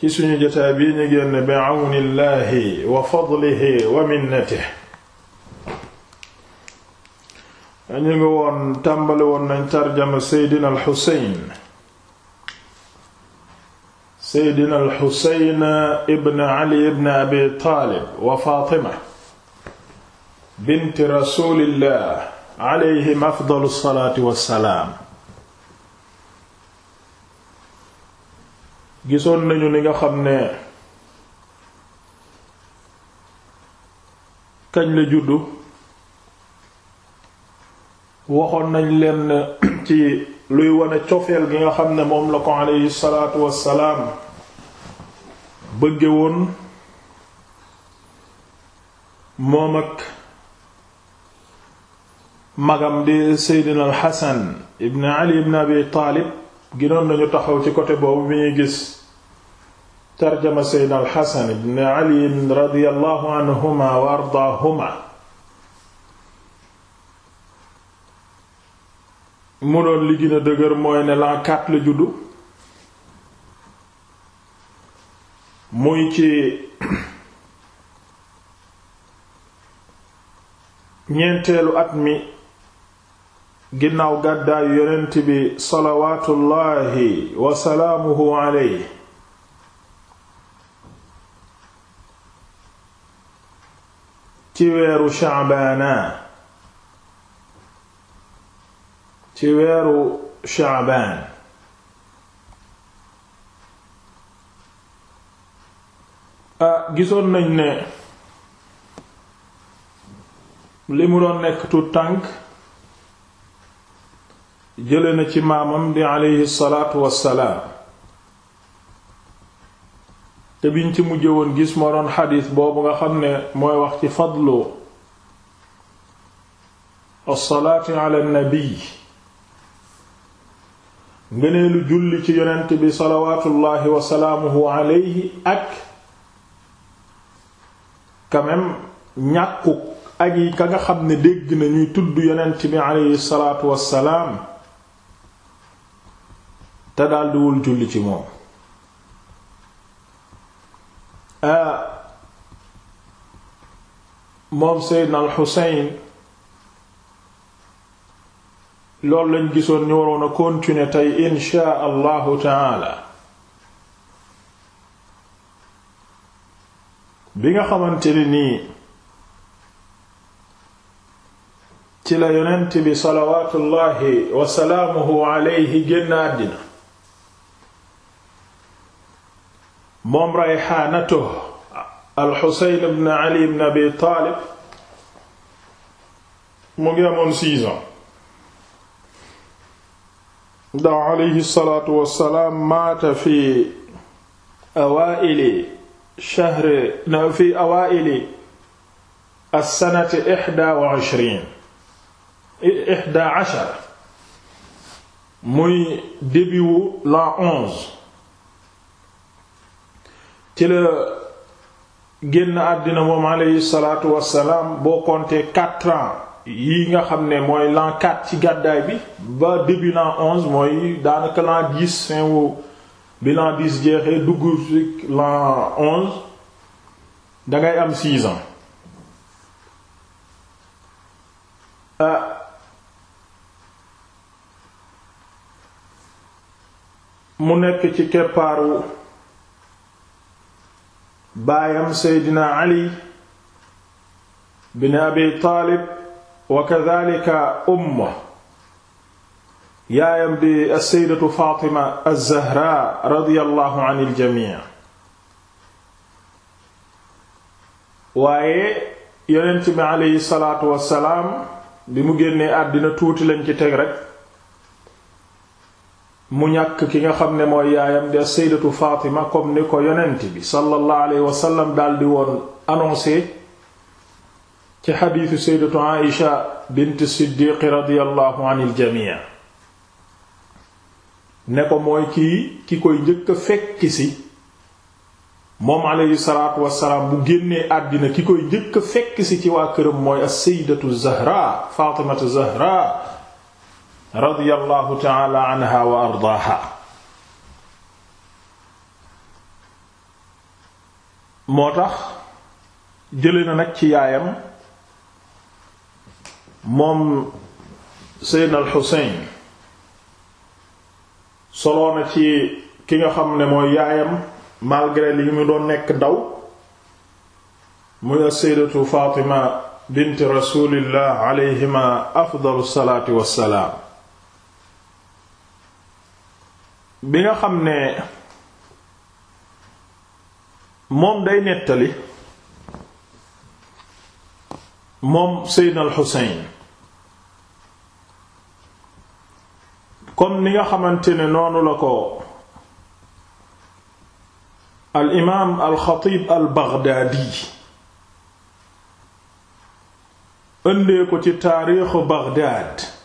ci suñu jotaay bii ñu génn bi wa fadlihi wa minnatihi ñu ngi woon tàmbali nañ tarjama seydina al xuseyn seydina al xuseyn ibn ali ibn abi taalib wa faatima bint rasuulillah alayhim afdalu salaatu wassalaam gisoon nañu ni nga xam ne kañ la juddu waxoon nañ leen ci luy wane cofeel gi nga xam ne moom la ko aleyhi salaatu wassalaam bëgge woon moom ak magam di seydina al xasan ibn ali ibn abi taalib ginoon nañu taxaw ci côté boobu bi ñuy gis tarjama seyd alxasan ibn ali radiyallahu anhuma wa ardaahuma mu doon li dëgër mooy ne l'an quatre la juddu muy ci ñeenteelu at mi ginnaaw gàddaayu yonent bi salawaatullaahi wa salaamuhu alayhi ci weeru shaabaana ci weeru shaabaan a ah, gisoon nañ ne li mu doon nekk tu tànk jële na ci maamam di aleyhi salaatu wassalaam te biñ ci mujje woon gis moo doon xadiis boobu nga xam ne mooy wax ci fadlu alsalaati ala nabi ngëneelu julli ci yonent bi salawaatullaahi wasalaamuhu alayhi ak quand ñàkkuk ak yi ka nga xam ne dégg na ñuy tudd yonent bi alayhi salaatu wasalaam te daldiwul julli ci moom Euh, moom Seydina al Xuseyn loolu lañ gisoon ñu waroon a continuer tey inshaa allahu taala bi nga xamante ni nii ci la yonent bi salawatullahi wa salaamuhu alayhi génn àddina moom rayxaanatu alxusayn ibn ali ibn abi taalib mu ngi amoon six ans ndax alayhi salaatu wassalaam maata fi awaa'ili shahri na fi awaa'ili as-sanati ihdaa wa ishriin ihdaa ashara muy début wu l'an onze ci la génn àddina moom aleyhi salaatu wassalaam boo compter quatre yi nga xam ne mooy l'an ci gàddaay bi ba début l'an onze mooy daanaka l'an dix fin wu bi l'an dix jeexee dugg ci l'an onze dangay am six ans mu nekk ci keppaaru baayam seydina ali bin abi taalib wa kadhalika umma yaayam di as-sayyidatu faatima az-zahra radiyallahu anil jamii waaye yonent bi aleyhi salaatu wassalaam bi mu génnee àddina tuuti lañ ci teg rek mu ñàkk ki nga xam ne mooy yaayam de sayyidatu Fatima comme ni ko yonent bi sallallahu alayhi wasallam di woon annoncé ci xadiisu sayyidatu Aïsha bint Siddiq radiyallahu anil jamii ne ko mooy kii ki koy njëkk fekk si moom alayhi salaatu wassalaam bu génnee àddina ki koy njëkk fekk si ci waa këram mooy as-sayyidatu Zahra Fatimatu Zahra radiyallahu ta'ala anha wa ardaaha moo tax jële na nag ci yaayam moom seydna alxuseyn soloona ci ki nga xam ne mooy yaayam malgré li doon nekk ndaw muy as-sayyidatu Fatima bint rasulillah alayhima afdalu salaatu wassalaam bi nga xam ne moom day nettali moom Seydina al-Xuseyn comme ni nga xamante ne noonu la ko al imaam al xatiib al baghdaadi ëndee ko ci taariixu Baghdaad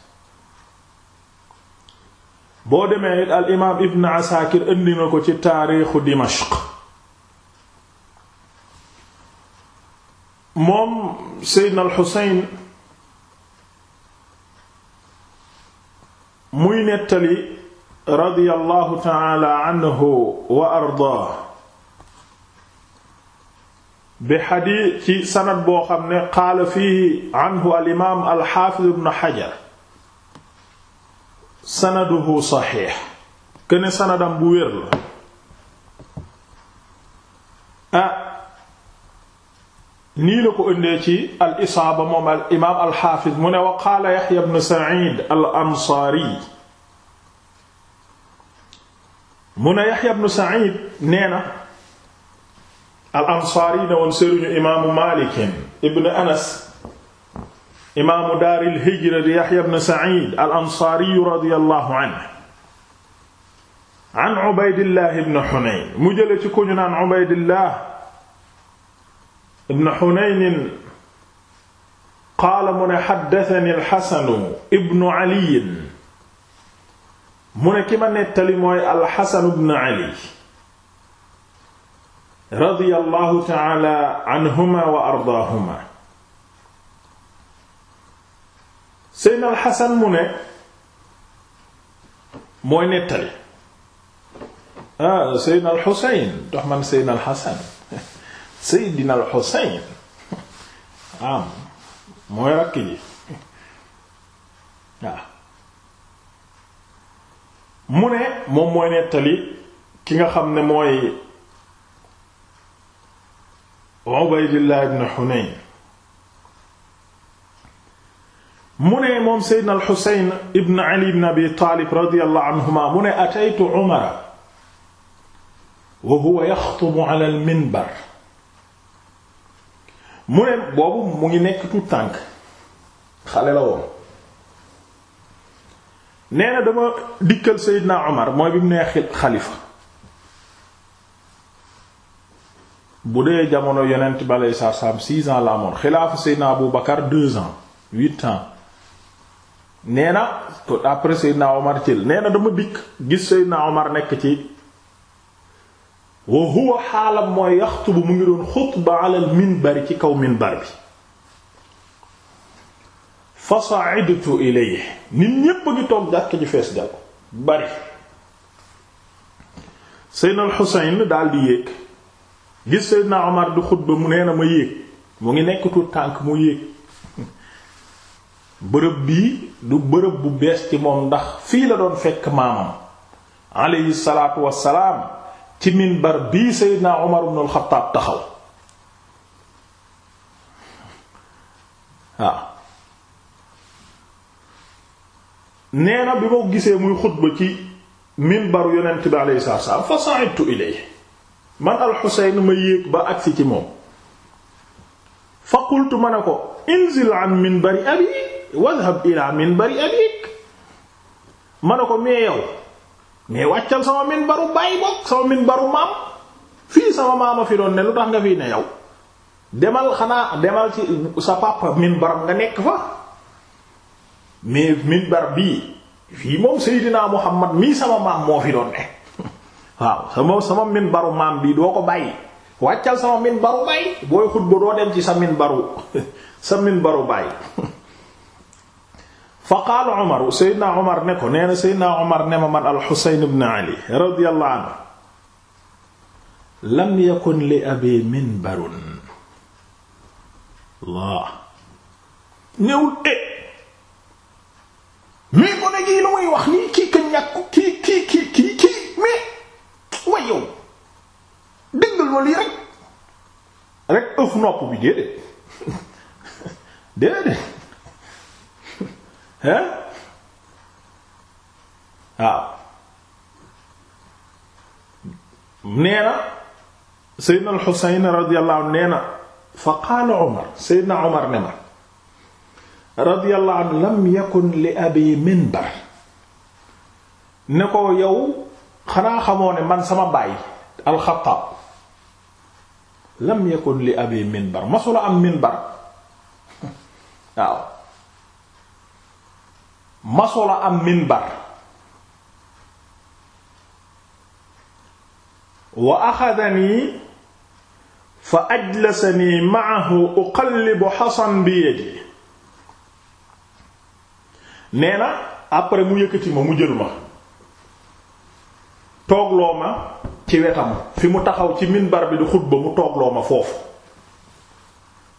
boo demee it al imaam ibn Asakir indi ko ci taarixu Dimashq moom Seydina al Xuseyn muy nettali radiyallahu taala anhu wa ardaa bi xadiis ci sanad boo xam ne qaala fiihi anhu al imaam al xaafiz ibn Hajar sanaduhu saxiix këne sanadam bu wér la ah nii la ko ëndee ci al isaaba moom al imaam al xaafis mu ne wa qaala yaxya bnu saciid al ansaari mu ne yaxya bnu saciid nee na al ansaari ne woon sëriñu imaamu maalikin ibn anas imaamu daaril hijra di Yahya ibn Sa'id al-Ansaari radiyallahu anhu an Ubaydillah ibn Hunayn mu jële ci ku ñu naan Ubaydillah ibn Hunayn qaala mu ne haddathani al-Hasan ibn Ali mu ne ki ma nettali mooy al-Hasan ibn Ali radiyallahu ta'ala anhuma wa ardaahuma Seydina al Xasan mu ne mooy nettali ah Seydina al Xuseyn tax man Seydina al Xasan Seydina al Xuseyn am mooy rakk ji waaw ah. mu ne moom mooy nettali ki nga xam ne mooy Ubaydillah ibn Hunayn mu ne moom Seydina al-Xuseyn ibn Ali ibn Abi Taalib radiyallahu ngi nekk la woon nee na dama dikkal Seydina Omar mooy bi mu nee xalifa bu dee jamono yonent bi aleyhi salaatu salaam six ans la amoon xilaafa Seydina Abu Bakar deux nee na après Seydina Omar Thiel nee na dama dikk gis Seydina Omar nekk ci wa huwa xaalam mooy yaxtubu mu ngi doon xutba alal bari ci kaw minbar bi fa sa'idtu ilayhi ñépp a toog jàkk fees dal bari daal di yéeg gis Seydina Omar di xutba mu nee ma yéeg mu ngi nekk tuut tànk mu yéeg bërëb bii du bërëb bu bees ci moom ndax fii la doon fekk maamam aleyhi salaatu wassalaam ci minbar bii Seydina Umar ibn al taxaw waaw nee na bi ma gisee muy xutba ci minbaru yonent bi aleyhi fa sa'idtu ilayhi man al ma yéeg ba agsi ci moom fa qultu ma ne ko inzil an minbari abi wadhab ila minbari abik ma ne ko mais yow mais wàccal sama minbaru bàyyi bokk sama minbaru maam fii sama maama fi yow demal xanaa demal ci sa papa nekk fa mais minbar bii fii moom Seydina Muhammad mii sama maam moo fi doon sama sama minbaru maam bii doo ko bàyyi wàccal sama minbaru doo dem ci sa minbaru sa minbaru bàyyi fa qaala Omar Seydina Omar ne ko nee na Seydina Omar ne ma man al-Husayn ibn Ali radiyallahu anhu lam yakun li abi minbarun laa newul e mais ko ne gii lu muy wax nii kii ka ñàkku kii kii kii kii kii mais way yow déggal ma lii rek rek ëf nopp bi déedéet déedéet hein waaw nee na seydna al xuseyn radiyallahu anhu nee na fa qaala omar seydna omar ne ma radiyallahu anhu lam yakun li abi minbar ne ko yow xanaa xamoo ne man sama baay alxataab lam yakun li abi minbar masula am minbar waaw masula am minbar wa axadanii fa ajlasanii maahu uqallibu xasan bi yadi nee na après mu yëkkati ma mu jël ma toogloo ma ci wetam fi mu taxaw ci minbar bi di xutba mu toogloo ma foofu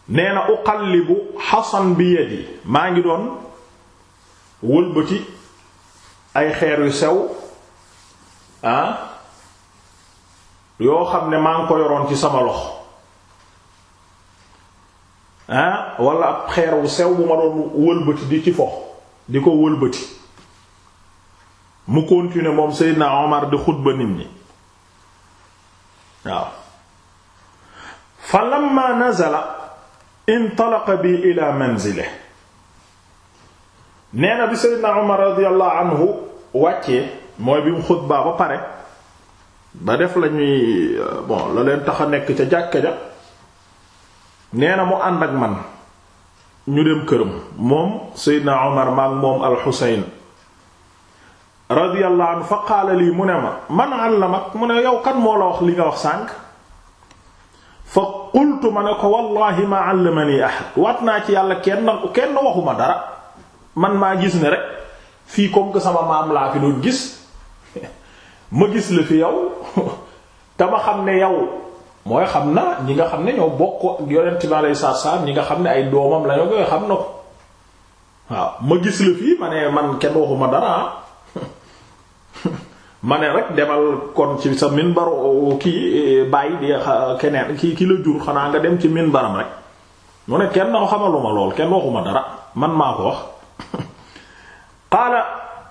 nee na uqallibu xasan bi yadi maa ngi doon wëlbati ay xeer yu sew ah yoo xam ne maa ngi ko yoroon ci sama lox ah walla ab xeer wu sew bu ma doon wëlbati di ci fox di ko wëlbati mu continuer moom Seydina Omar di xutba nit ñi waaw fa lamma nazala intalaqa bi ila manzilihi nee bi Seydina Umar radiyallahu anhu wàccee mooy bi mu xutbaa ba pare ba def lañuy euh, bon la leen tax a nekk ca jàkka ja nee na mu ànd ak man ñu dem këram moom Seydina Umar maak moom al-Husayn fa qaala lii mu ne ma man àllamak mu ne yow kan moo la wax li nga wax sànq fa qultu ma ne ko wallahi ma allamani ahad waat naa ci yàlla kenn kenn waxuma dara man maa gis ne rek fii comme que sama maam laa fi doon gis ma gis la fi yow te ma xam ne yow mooy xam na ñi nga xam ne ñoo bokk ak yonent bi alayhi salaam ñi nga xam ne ay doomam la ñoo koy xam na ko waaw ma gis la fii ma ne man kenn waxuma dara ah. ma ne rek demal kon ci sa minbar kii bàyyi di keneen ki ki la jur xanaa nga dem ci min minbaram rek mu ne kenn na xamaluma lool kenn waxuma dara man maa ko wax qaala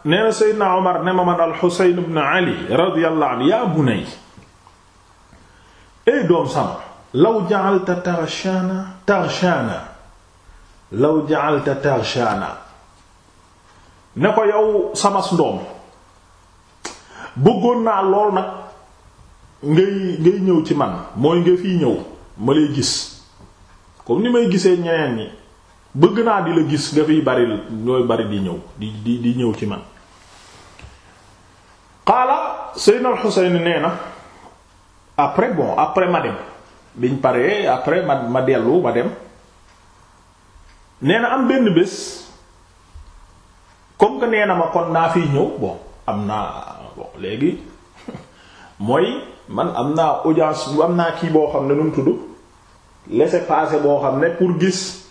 nee na Seydina Omar ne ma man al-Husayn Ali radiyallahu anhu yaa bunay ey doom sama law ja'alta tarshaana tarshaana law ja'alta tarshaana ne ko yow samas ndoom bëggoon naa lool nag ngay ngay ñëw ci man mooy nga fiy ñëw ma lay gis comme ni may gisee ñeneen ñi bëgg naa di la gis dafay bari ñooy bari di ñëw di di di ñëw ci man xaala Seydina al nee na après bon après ma dem biñ paree après ma dellu ma dem nee na am benn bés comme que nee na ma kon naa fiy ñëw bon am naa bon léegi mooy man am naa audience bu am naa kii boo xam ne nu mu tudd laisser passer boo xam ne pour gis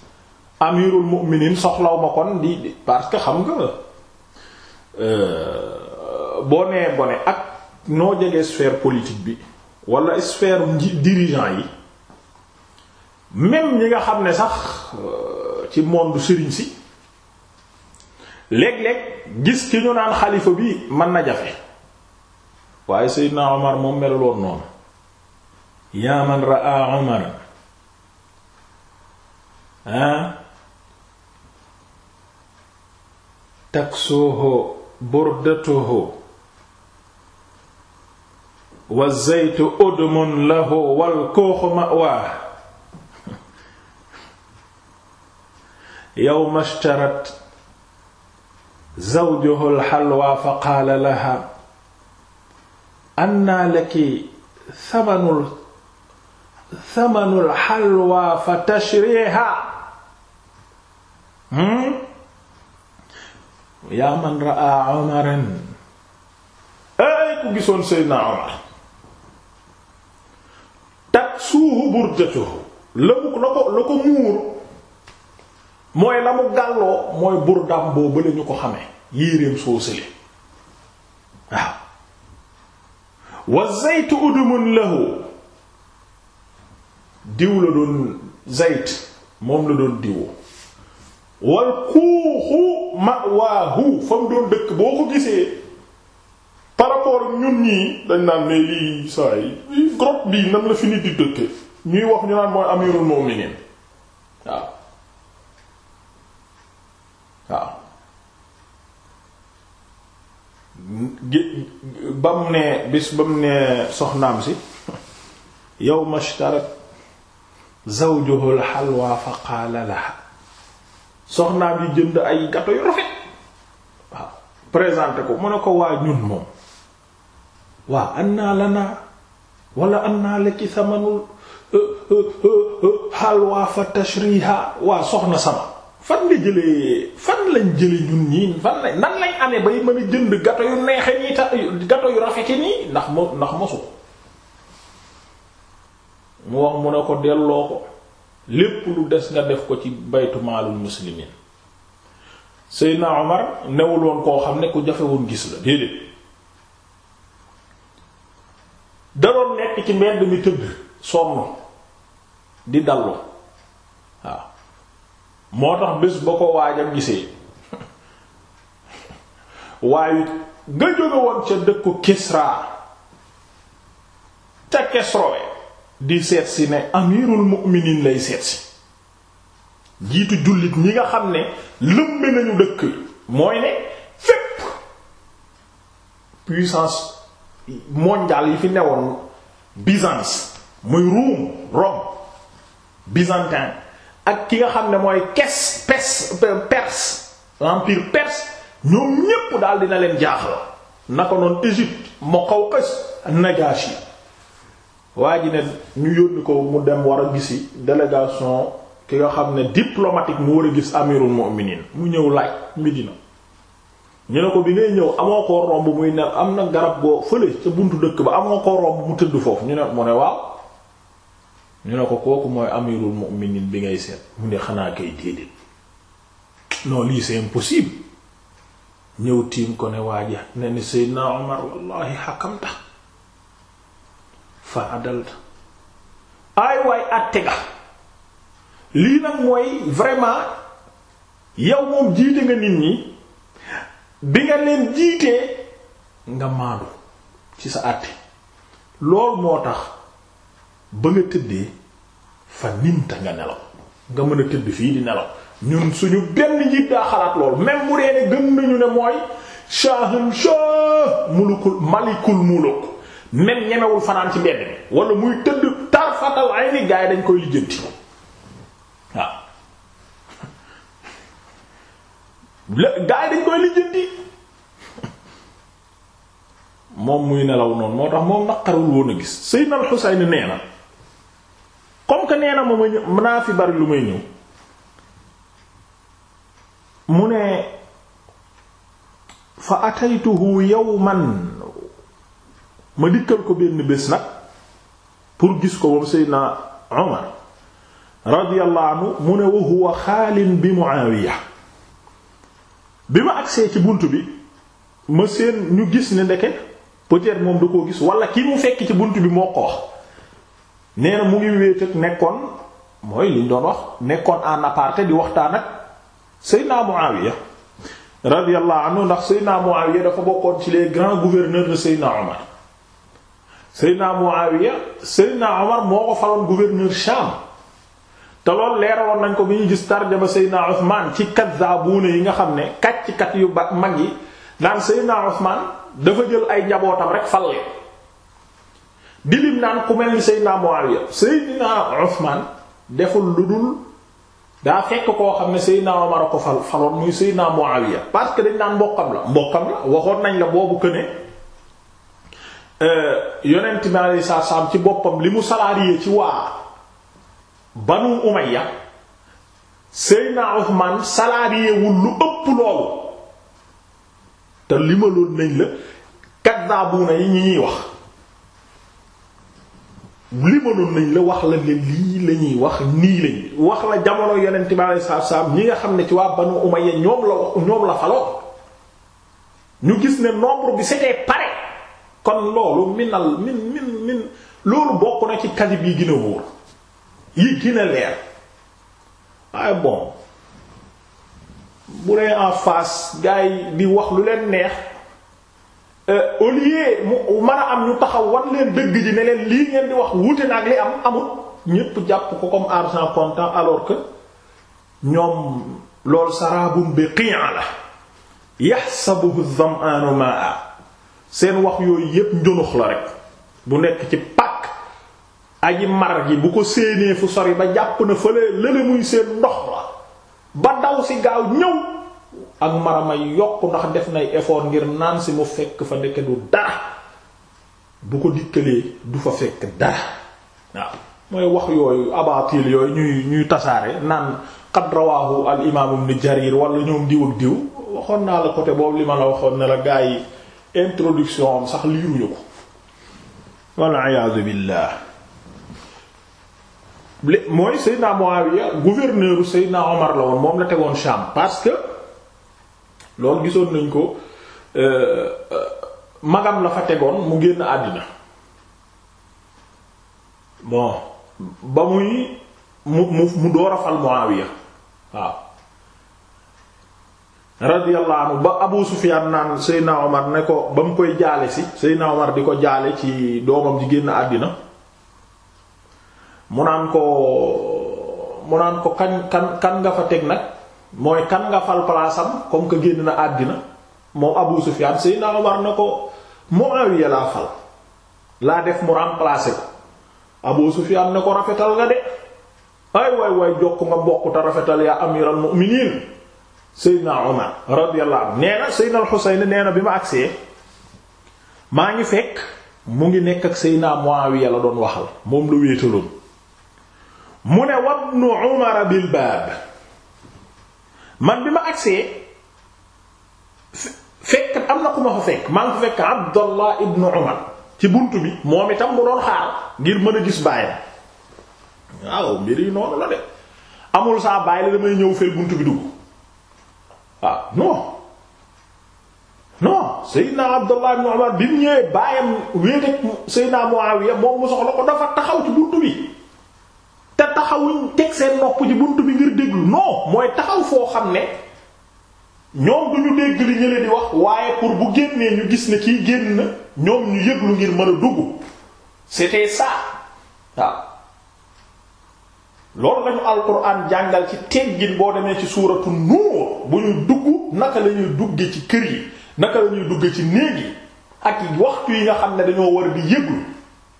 amirul mu'minin soxlaw ma kon di parce que xam nga euh, boo nee bone ak noo jege sphère politique bi wala sphère dirigeant yi même ñi nga xam ne sax euh, ci monde sëriñ si léeg-léeg gis ki ñu naan xalifa bi mën na jafe waaye Seydina Omar moom meluloon noonu yaa man raa Omar taksuuhu burdatuhu wa zaytu udmun lahu wal kuuxu ma'waa yawma ishtarat zawjuhu alxalwa fa qaala laha annaa laki thamanul thamanul xalwa fa tashriiha hmm yaa man raa omaran ay ku gisoon seydna omar tak suuhu burjatu la mu la ko la ko muur mooy la mu gàlloo mooy burdam boo bële ñu ko xamee yéreem soo sële waaw wa zaytu udumun lahu diw la doon zayt moom la doon diwoo wal kuuxu ma'waahu fa mu doon dëkk boo ko gisee par ñun ñii dañ naan ne lii saa yi grotte bii nan la fi nit di dëkke ñuy wax ñu naan mooy amirul mu'minin waaw waaw ba mu ne bis ba mu ne soxnaam si yow ishtarat zawjuhu halwa fa qaala laha soxnaam yi jënd ay gato yu rafet waaw présenté ko mu ne ko waa ñun moom waa am naa la naa walla am naa lekki samanul euh, euh, euh, halwa fa tashriha waa soxna sama fan la jëlee fan lañ jële ñun ñii fan lañ nan lañ amee bay mën a jënd gato yu neexe nii ta gato yu rafete nii ndax mo ndax mosu mu wax mu ne ko delloo ko lépp lu des nga def ko ci baytu maalul muslimin Seydina Omar newul koo xam ne ku jafe woon gis la déedéet daroon nekk ci mbedd mi tëdd sonn di dallu waaw moo tax bés ba ko waajam gisee waaye nga jóge woon ca dëkku Kisra ca Kesrowe di seet si ne amirul mu'minin lay seet jiitu jullit ñi nga xam ne lëmbe nañu dëkk mooy ne fépp puissance mondiale yi fi newoon Byzance muy Rome Rome byzantin ak ki nga xam ne mooy kes pes perse l'empire perse ñoom ñépp daal dina leen jaaxal naka noonu Égypte Muqawqis Najashi waa ji ne ñu yónni ko mu dem war a gisi délégation ki nga xam ne diplomatique mu war a gis amirul mu'minin mu ñëw laaj Medina ñu ne ko bi ngay ñëw amoo ko romb muy ne am na garab goo fële ca buntu dëkk ba amoo ko romb mu tëdd foofu ñu ne mu ne waaw ñu ne ko kooku mooy amirul mu'minin bi ngay seet mu ne xanaa kay déedéet non lii c'est impossible ñëw tiim ko ne waaja ne ni Seydina Omar wallahi xakamta fa adalt aay waay àtte ga lii nag mooy vraiment yow moom jiite nga nit ñi bi nga leen jiitee nga maandu ci sa àtte loolu moo tax ba nga tëddee fa ninta nga nelaw nga mën a tëdd fii di nelaw ñun suñu benn njiit daa xalaat lool même mu dee ne nañu ne mooy shahun shah mulukul malikul muluk même ñemewul fanaan ci mbedd mi wala muy tëdd tarfatal ay ni gaay dañ koy lijjanti waaw gaay dañ koy lijjanti moom muy nelaw noonu moo tax moom naqarul woon a gis Seydina Al-Husayn nee na comme que nee ma ma ñëw mën naa fi bari lu may ñëw mu ne fa ataytuhu yawman ma dikkal ko benn bés nag pour gis ko moom seydna Umar radiyallahu anhu mu ne wa xaalin bi Muawiya bi ma agsee ci bunt bi ma seen ñu gis ne ndeke peut-être moom da koo gis wala ki mu fekk ci bunt bi moo ko wax nee na mu ngi wéet ak nekkoon mooy liñ doon wax nekkoon en aparté di waxtaan ak seydna Muawiya radiyallahu anhu ndax seydna Muawiya dafa bokkoon ci les grands gouverneurs de seydna Umar Seydina Muawiya Seydina Omar moo ko faloon gouverneur Sham te loolu leeraloon nañ ko bi ñu gis tarjama Seydina Ousmane ci kazzaabuuna yi nga xam ne kàccikat yu ba mag yi naan dafa jël ay njabootam rek fal naan ku mel ni Seydina Muawiya Seydina Ousmane deful lu dul daa fekk koo xam ne Seydina Omar a ko fal faloon Muawiya parce que dañ naan mbokkam la mbokkam la waxoon nañ la boobu que Euh, yonent bi alayhi ci boppam li mu salarié ci waa banu umayya seyna Usmaan salarié wul lu ëpp loolu te li ma loon nañ la kaddaabuuna yi ñi ñuy wax li mënoon nañ la wax la ne lii la wax nii lañuy wax la jamono yonent bi alayhi salaam ñi nga xam ne ci waa banu umayya ñoom la ñoom la faloon ñu gis ne nombre bi c'était pareil kon loolu minal min min min loolu bokk na ci kadib yi gina a yi gën a leer waaye bon bu dee en face gars yi di wax lu leen neex euh, au lieu mu mën a am ñu taxaw wan leen dëgg ji ne leen lii ngeen di wax wuute na ak li am amul ñépp jàpp ko comme argent comptant alors que ñoom loolu sarabum bi qi'a la yaxsabuhu dham'anu ma'a seen wax yooyu yépp njunux la rek bu nekk ci pàkk aji mar gi bu ko séenee fu sori ba jàpp na fële lële muy seen ndox la ba daw si gaaw ñëw ak maramay yokk ndax def nay effort ngir naan si mu fekk fa ndeke du dara bu ko dikkalee du fa fekk dara waaw mooy wax yooyu abatil yooyu ñuy ñuy tasaare naan qad rawahu al imam ibn jarir wala ñoom diw ak diw waxoon naa la côté boobu li ma waxoon ne la gaa yi introduction sax liiruñu ko walla iyaadu billaah mooy Seydina Muawiya gouverneur Seydina Omar la woon moom la tegoon Sham parce que loolu gisoon nañ ko euh, euh, magam la fa tegoon mu génn àdduna bon ba muy mu mu mu door a fal Muawiya waaw radiyallahu anhu ba Abu Sufyan naan Seydina ne ko ba mu koy jaale si Seydina Omar di ko jaale ci doomam di génn àddina mu naan ko mu naan ko kan kan kan nga fa teg nag mooy kan nga fal palaasam comme que génn na àddina moom Abu Sufyan Seydina Omar ne ko Muawiya laa fal laa def mu remplacer ko Abu Sufyan ne ko rafetal nga de ay waay waay jokk nga mbokk rafetal yaa amiral mu'minin Seydina Omar radiyallahu anhu nee na Seydina al nee na bi ma agsee maa ngi fekk mu ngi nekk ak Seydina Muawiya la doon waxal moom la wéetaloon mu ne wabnu Umar bil baab man bi ma agsee fekk am na ku ma fa fekk maa ngi fa fekk Abdallah ibnu Umar ci bunt bi moom itam mu doon xaar ngir mën a gis baayam waaw mbir noonu la de amul saa baay la damay ñëw fee bunt bi dugg waaw ah, non non Seydina Abdullah ibn Umar bi mu ñëwee baayam wéeteeg Seydina Muawiya moom mu soxla ko dafa taxaw ci buntu bi te taxawuñ teg seen nopp ci bunt bi ngir déglu non mooy taxaw foo xam ne ñoom du ñu dégg li ñu di wax waaye pour bu génnee ñu gis ne kii génn ñoom ñu yëglu ngir mën a dugg c'était ça waaw. Ah. loolu lañu alquran jàngal ci teggin boo demee ci suuratu nuur bu ñu dugg naka la dugg ci kër yi naka la ñuy dugge ci néeg yi ak waxtu yi nga xam ne dañoo war di yëglu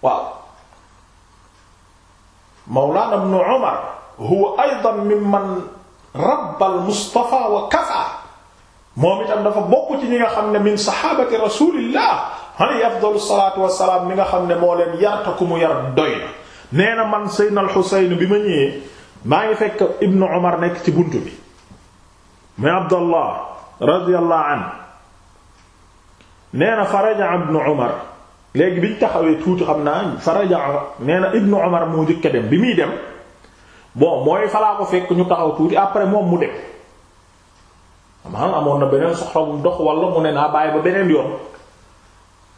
waaw mawlaana ibnu umar huwa aydan mimman rabbal mustafa wa kafa moom itam dafa bokk ci ñi nga xam ne min saxaabati rasulillah alayhi afdalu salaatu wassalaam mi nga xam ne moo leen yarta ku mu yar doy na nee na man Seydina al-Husayn bi ma ñëwee maa ngi fekk Ibnu Umar nekk ci bunt bi muy Abdallah radiyallahu anhu nee na faraja Ibnu Umar léegi biñ taxawee tuuti xam naa faraja nee na Ibnu Umar moo njëkk dem bi muy dem bon mooy falaa ko fekk ñu taxaw tuuti après moom mu dem maanaam amoon na beneen soxla bu dox wala mu ne naa bàyyi ba beneen yoon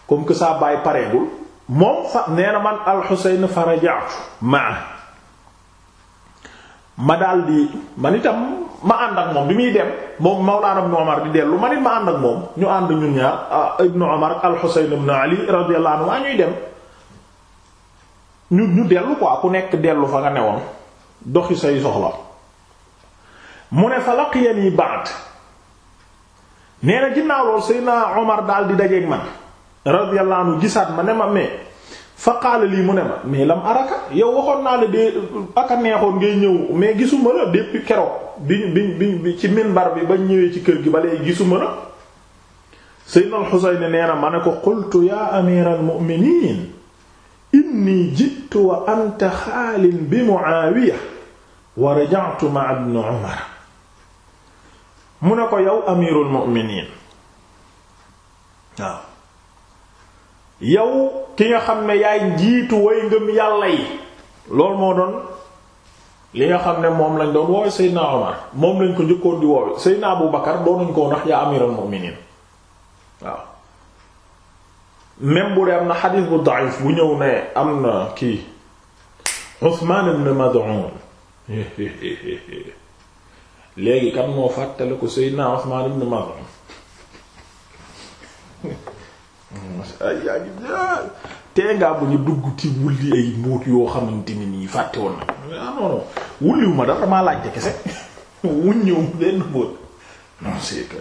comme que saa bàyyi pareegul moom fa nee man alxuseyn fa rajaatu ma ma daldi man itam ma ànd ak moom bi muy dem moom mawlaana ibnu Umar di dellu man it ma ànd ak moom ñu ànd ñun ñaar ibnu Umar alxuseyn ibnu ali radiyallahu ñuy dem ñu ñu dellu quoi ku nekk dellu fa nga newoon doxi say soxla mu ne fa laqiyani ba'd nee na ginnaaw lool Seydina Omar daal di dajeeg man radiyallahu anhu gisaat ma ne ma mais fa qaala lii mu ne ma mais lam araka yow waxoon naa la de aka neexoon ngay ñëw mais gisuma la depuis keroog bi bi bi ci minbar bi ba ñëwee ci kër gi ba léegi gisuma la Sayyidna al nee na ma ne ko qultu ya amira al inni jitu wa anta xaalin bi Muawiya wa raja'tu ma'a ibn Umar mu ne ko yow amirul mu'minin waaw yow ki nga xam ne yaay njiitu way ngëm yàlla yi loolu moo doon li nga xam ne moom lañ doon woowe Seydina Omar moom lañ ko njëkkoon di woowe Seydina Abu Bakar doonuñ ko ndax yaa amiral mu'minin waaw même bu dee am na xadiis bu da'if bu ñëw ne am na kii Usman ibn Mad'un léegi kan moo fàttale ko Seydina Usman ibn Mad'un ay yaa tee ngaa bu ñu dugg ci wulli ay muut yoo xamante ni nii fàtte woon na ah ma dara maa laajte kese wuñ ñëw benn mbóot non c'est que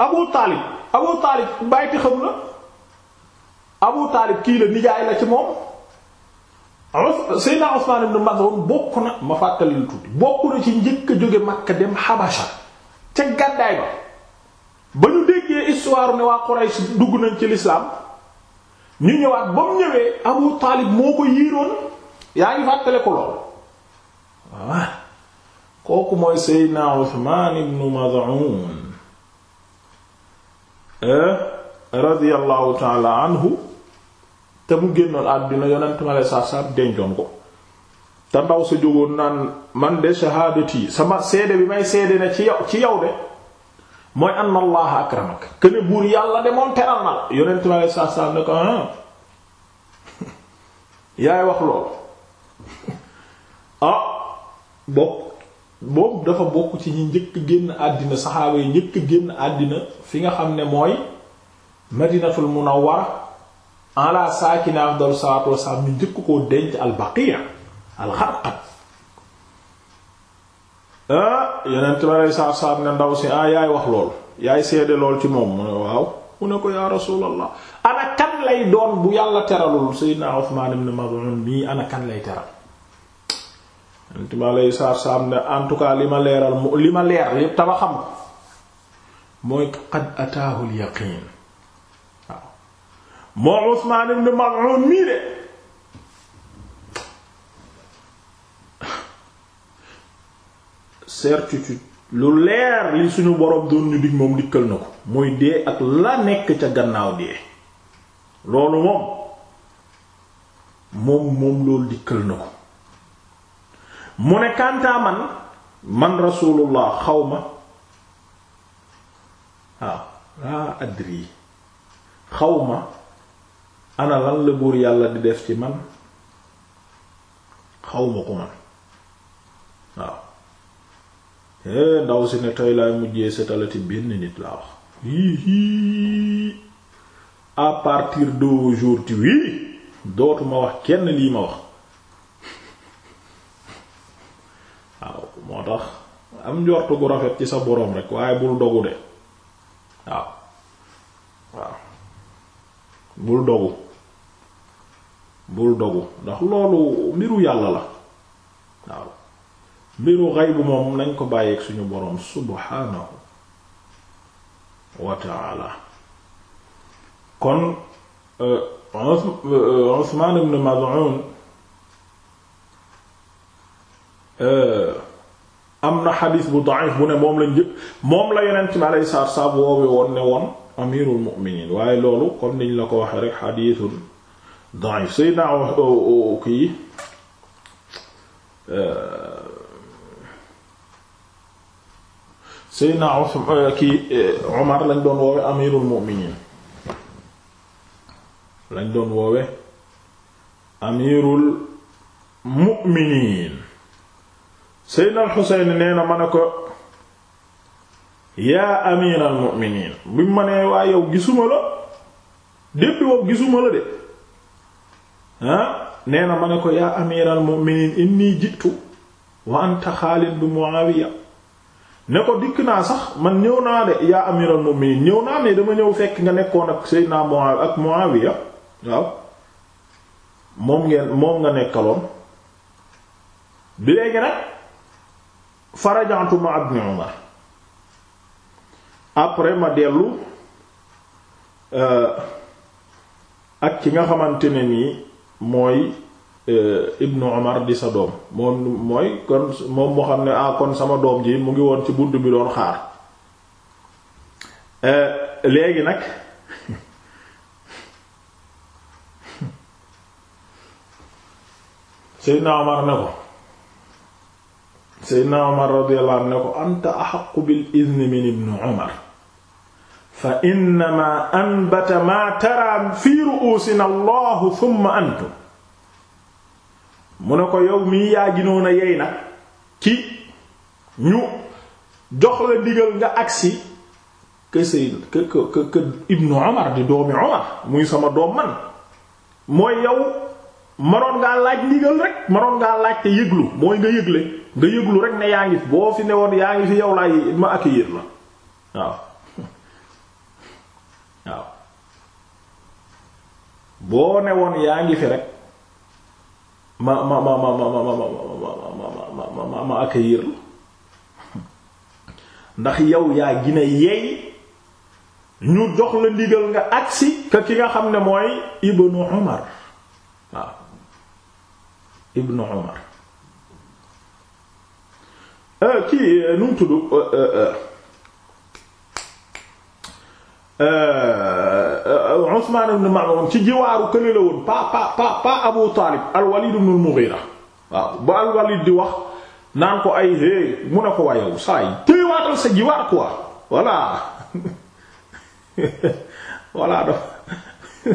ah, Abu Taalib Abu Taalib bàyti xam na Abu Taalib kii la nijaay la ci moom Seydina Usmaan ibn Maz'un bokk na ma fàttali la tuuti bokk na ci njëkk a jóge Makka dem Habasha ca gàddaay ba ba ñu déggee histoire ne waa Quraysh dugg nañ ci lislaam ñu ñëwaat ba mu ñëwee Abu Taalib moo ko yiiroon yaa ngi fàttale ko lool kooku mooy Seydina Usmaan ibn Maz'un eh, radiyallahu ta'ala anhu te mu génnoon àddina yonent ma lay saab dencoon ko te ndaw sa jógoon naan man de shahaadati sama seede bi may seede ne ci yow ci yow de mooy anna allah akramak këne buur yàlla de moom teral na yonent ma lay saab ne ko ah, yaay wax loolu ah, boobu dafa bokk ci ñi njëkk génn àddina saxaaba yi njëkk génn àddina fi nga xam ne mooy madinatul munawwara ala saakina afdalu salaatu wasalaam ñu njëkk koo denc al baqiya al xarqat ah yeneen ma lay saar saar ne ndaw si ah yaay wax lool yaay seede lool ci moom mu ne waaw mu ne ko yaa rasuulallah ana lay doon bu yàlla teralul sayyidina Uthman ibn Maz'un nii ana kan lay teral yeneen ma lay saar saar ne en tout cas li ma leeral li ma leer yépp taba xam mooy qad ataahu al moo Usmaan ibn Maz'un mii de certitude lu leer li suñu boroom doon ñu dig moom dikkal na ko muy dee ak la nekk ca gannaaw dee loolu moom moom moom loolu dikkal na ko mu ne kantaa man man rasulullah xawma waaw ah, laa adri xawma ana lan la buur yàlla di def ci man xawma ko man waaw hee ndaw si ne tey laay mujjee setalati benn nit laa wax hii hii à partir d'aujourd'hui wii dootuma wax kenn lii ma wax waaw moo tax am njort bu rafet ci sa boroom rek waaye bul dogu de waaw waaw bul dogu bul dogu ndax loolu mbiru yàlla la waaw mbiru xaybu moom nañ ko bàyyeeg suñu boroom subhaanahu wa kon euh, euh, Usmaan euh, am na xadiis bu da'if bu ne moom lañ jëpp moom la yonent bi alayhi salaatu wa salaam woowe woon ne woon amirul mu'miniin waaye loolu comme niñ la ko waxee rek xadiisun da'if Seydina kii e, Seydina e, kii e, Omar lañ doon woowe amirul mu'minin lañ doon woowe amirul mu'minin Seydina al-Husayn nee ma ne ko yaa amiral mu'minin bi ma nee waa yow gisuma la depuis boobu gisuma la de neena ma ne ko yaa amiral mu'minin inni jiitu wa anta Xaalid bu Muawiya ne ko dikk naa sax man ñëw naa de yaa amiral mu'minin ñëw naa ne dama ñëw fekk nga nekkoon ak Seydina Muawiya ak Muawiya waaw moom ngeen moom nga nekkaloon bi léegi nag farajantu ma ak Ibn Umar après ma dellu euh, ak ki nga xamante ne nii mooy euh, ibnu omar di sa doom moom mooy kon moom moo xam ne ah kon sama doom ji mu ngi woon ci bunt bi doon xaar euh, léegi nag seydna omar ne ko seydna omar radiyallahu anhu ne ko anta axaqu bil izni min ibnu omar fa innama anbata maa tara fii ru'uusina allahu thumma antum mu ne ko yow mii yaa ginoon a yey nag ci ñu jox la ndigal nga agsi que say que que ibnu omar di doomi omar muy sama doom man mooy yow maroon ngaa laaj ndigal rek maroon ngaa laaj te yëglu mooy nga yëgle nga yëglu rek ne yaa ngi fi boo fi newoon yaa ngi fi yow laay ma ak yéen la waaw boo ne woon yaa ngi fi rek ma ma ma ma ma ma ma ma ma ma accueillir ndax yow yaa gina yeey ñu jox la ndigal nga agsi ka ki nga xam ne mooy ibnu umar waaw ibnu umar kii nu mu tudd Euh, Usmaan ibn Maz'un ci jiwaaru di wax mun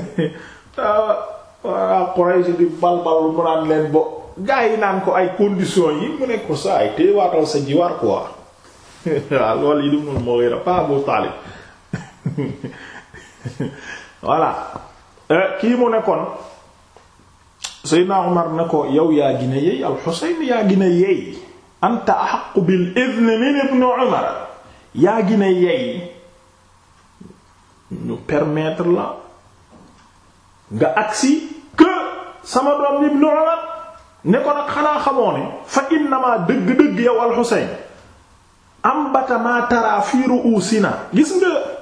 ah, a leen bo gaa yi naan ko ay condition yi mu ne ko saa yi téewaatal sa jiwaar quoi waaw loolu yi du mun moo wéra Abu Taalib voilà euh, kii mu nekkoon kon Seydina Umar ne ko yow yaa gina yeey al-Husayn yaa gina yeey anta ahaqqu bil idni min ibn Umar yaa gina yeey ñu permettre la nga agsi que sama doom ibn Umar ne ko nag xanaa xamoo ne fa innamaa dëgg-dëgg yow al ambata maa taraa fi ru'usina gis nga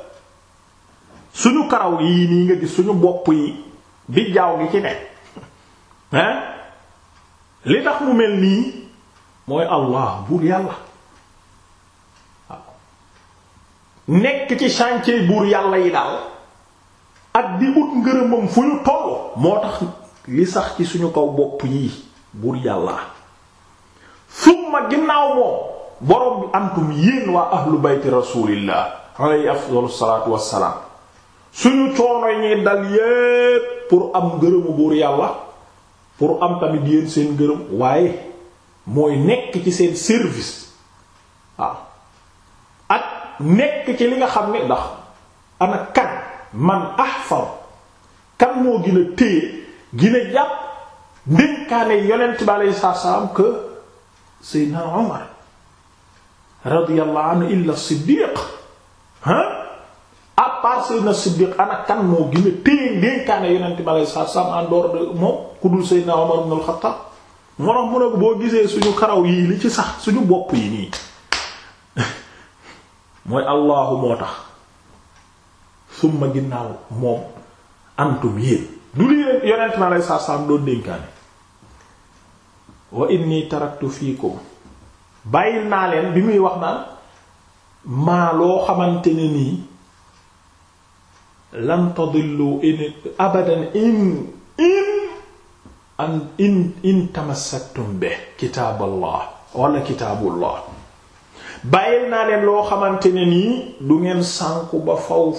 suñu karaw yii nii nga gis suñu bopp yi bi jaaw gi ci ne hein li tax mu mel nii mooy allah buur yàlla nekk ci chantier buur yàlla yi daal ak di ut ngërëmam fu ñu tollu moo tax li sax ci suñu kaw bopp yii buur yàlla summa ginnaaw moom borom bi antum yéen waa ahlu bayti rasulillah alayhi afdalu salaatu wassalaam suñu coono ñi dal yépp pour am ngërëmu buur yàlla pour am tamit yéen seen ngërëm waaye mooy nekk ci seen service waaw ak nekk ci li nga xam ne ndax ana kan man ahfar kan moo gën a téye gën a jàpp yonent bi aleyhi salaatu salaam que Seydina Omar radiyallahu anhu illa Siddiq ha part Seydina Siddiq ana kan moo gën a dénkaane yonent bi alayhi salaatu salaam en de moom ku dul Seydina Omar ibn al-Khattab moo tax yii li ci sax suñu bopp yi nii mooy Allahu ginnaaw moom antum yéen du li yonent bi alayhi salaatu salaam doon dénkaane wa inni taraktu bàyyil naa leen bi muy wax naan maa loo xamante nii lan tadillu in abadan in in an in in tamassaktum be kitaaballah wala kitaabullah bàyyil naa leen loo xamante ne nii du ngeen sànku ba faw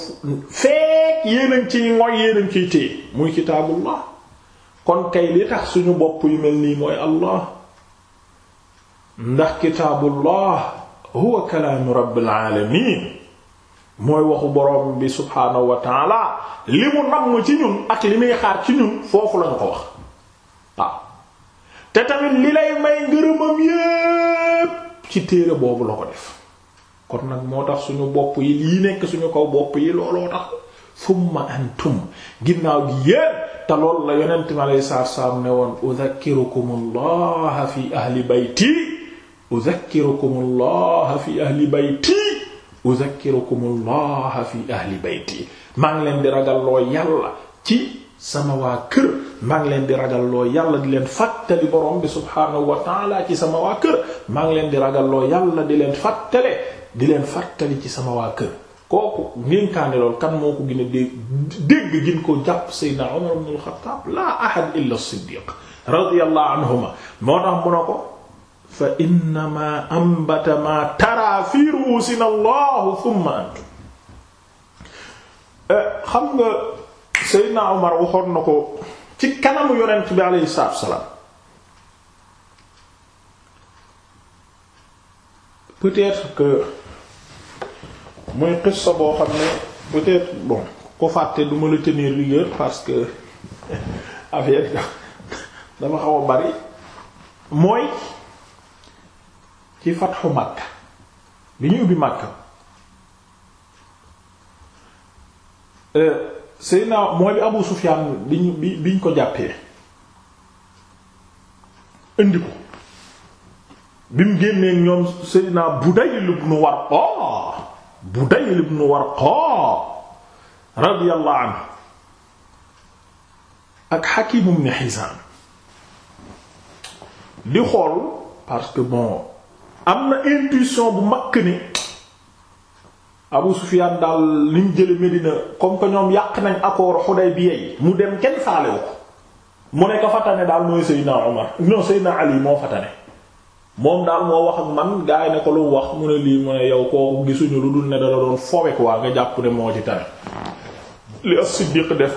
feek yéenañ ciy ngoy yéenañ ciy téye muy kitaabullah kon kay li tax suñu bopp yu mel nii mooy allah ndax kitaabullah huwa kalaamu rabbil alamin mooy waxu borom bi subhaanahu wa taala li mu namm ci ñun ak li muy xaar ci ñun foofu lañu ko wax waaw te tamit li lay may ngërëmam yépp ci téere boobu la ko def kon nag moo tax suñu bopp yi lii nekk suñu kaw bopp yi looloo tax summa antum ginnaaw gi yéen te loolu la yonent mi alayhi ne woon udhakkirukumullah fi ahli bayti udhakkirukumullah fi ahli bayti uzakkirukum allah fi ahli bayti maa ngi leen di ragal loo yàlla ci sama waa kër maa ngi leen di ragalloo loo yàlla di leen fàttali borom bi subhaanahu wa taala ci sama waa kër maa ngi leen di ragal loo yàlla di leen fàttale di leen fàttali ci sama waa kër kooku ngénkaane lool kan moo ko gën a dégg dégg gin ko jàpp saydna umar ibn al-khattab la ahad illa as-siddiq anhuma moo tax mu na ko fa innama ambata ma tara fi ruusina allahu thumma antum eh, xam nga Seydina Omar waxoon na ko ci kanamu yonent bi alayhi salaatu wassalaam peut-être que muy qissa boo xam ne peut-être ko fàtte duma la tenir rigueur parce que affaire dama xaw a bari mooy ci fatxu Makka bi ñu ubbi Makka euh, Seydina mooy bi Abu Sufyaan bi ñu bi biñ ko jàppee indi ko bi mu génnee ñoom Seydina Budayl ibn Warqa Budayl ibn Warqa radiyallahu anhu ak Hakim ibn Hizam di xool parce que bon am na intuition bu mag ni Abu Sufyaan daal liñ jële Medina comme que ñoom yàq nañ accord Hudaybiya yi mu dem kenn faalewu ko mu ne ko fatane daal mooy Seydina moom daal moo wax ak man gaa yi ne ko lu wax mu ne lii mu ne yow koo gisuñu lu dul ne dala doon fowe waa nga jàpp ne moo ci tane li as-Siddiq def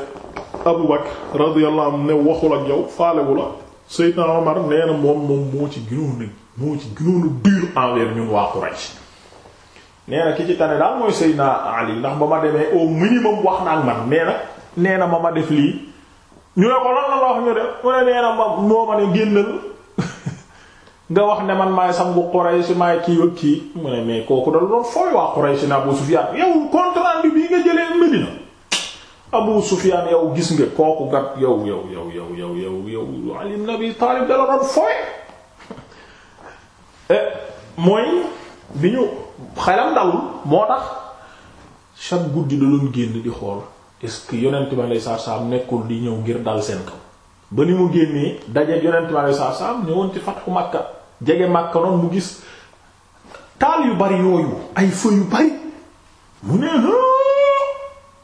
Abu Bakr radiyallahu anhu ne waxul ak yow faalewu la Seydina Omar nee na moom moom moo ci ginoon nag moo ci gënoon a dur envers ñun waa Quraysh nee na ki ci tane daal mooy Seydina Ali ndax ba ma demee o minimum wax na ak man nee na na ma ma def lii ñu ne ko lan la wax ñu def mu ne nee ma moo ma ne génnal nga wax ne man maay sangu Quraysh maay kii ak kii mu ne mais kooku da doon fooy waa Quraysh ne Abu Sufyaan yow contrat bi bii nga jëlee Medina Abu Sufyaan yow gis nga kooku gat yow yow yow yow yow yow yow Ali ibn doon fooy. Eh, mooy bi ñu xelam dawul moo tax chaque guddi da génn di xool est-ce que yonent bi alayhi salaatu salaam nekkul di ñëw ngir dal seen kaw ba ni mu génnee daje yonent bi alayhi salaatu salaam ñëwoon ci fatxu Makka jege Makka noonu mu gis taal yu bari yooyu ay feu yu bari mu ne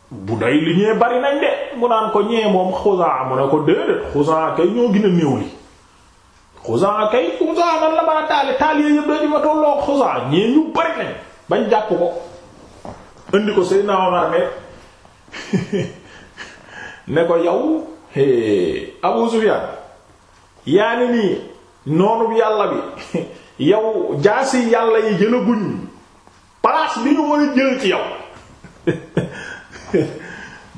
bu day li ñee bari nañ de mu naan ko ñee moom Xusaa mu ne ko déedéet Xusaa kay ñoo gën a néew li Xuzaa kay Xuzaa nan la mën a taale taal yooyu yëpp dañu ma tolloo ak Xuzaa ñee ñu bari nañ bañ jàpp ko. indi ko Seydina Omar ne ne ko yow Abu Sufyaan yaa ni nii noonu bi yàlla bi yi jëlaguñ place ñu war a jël ci yow.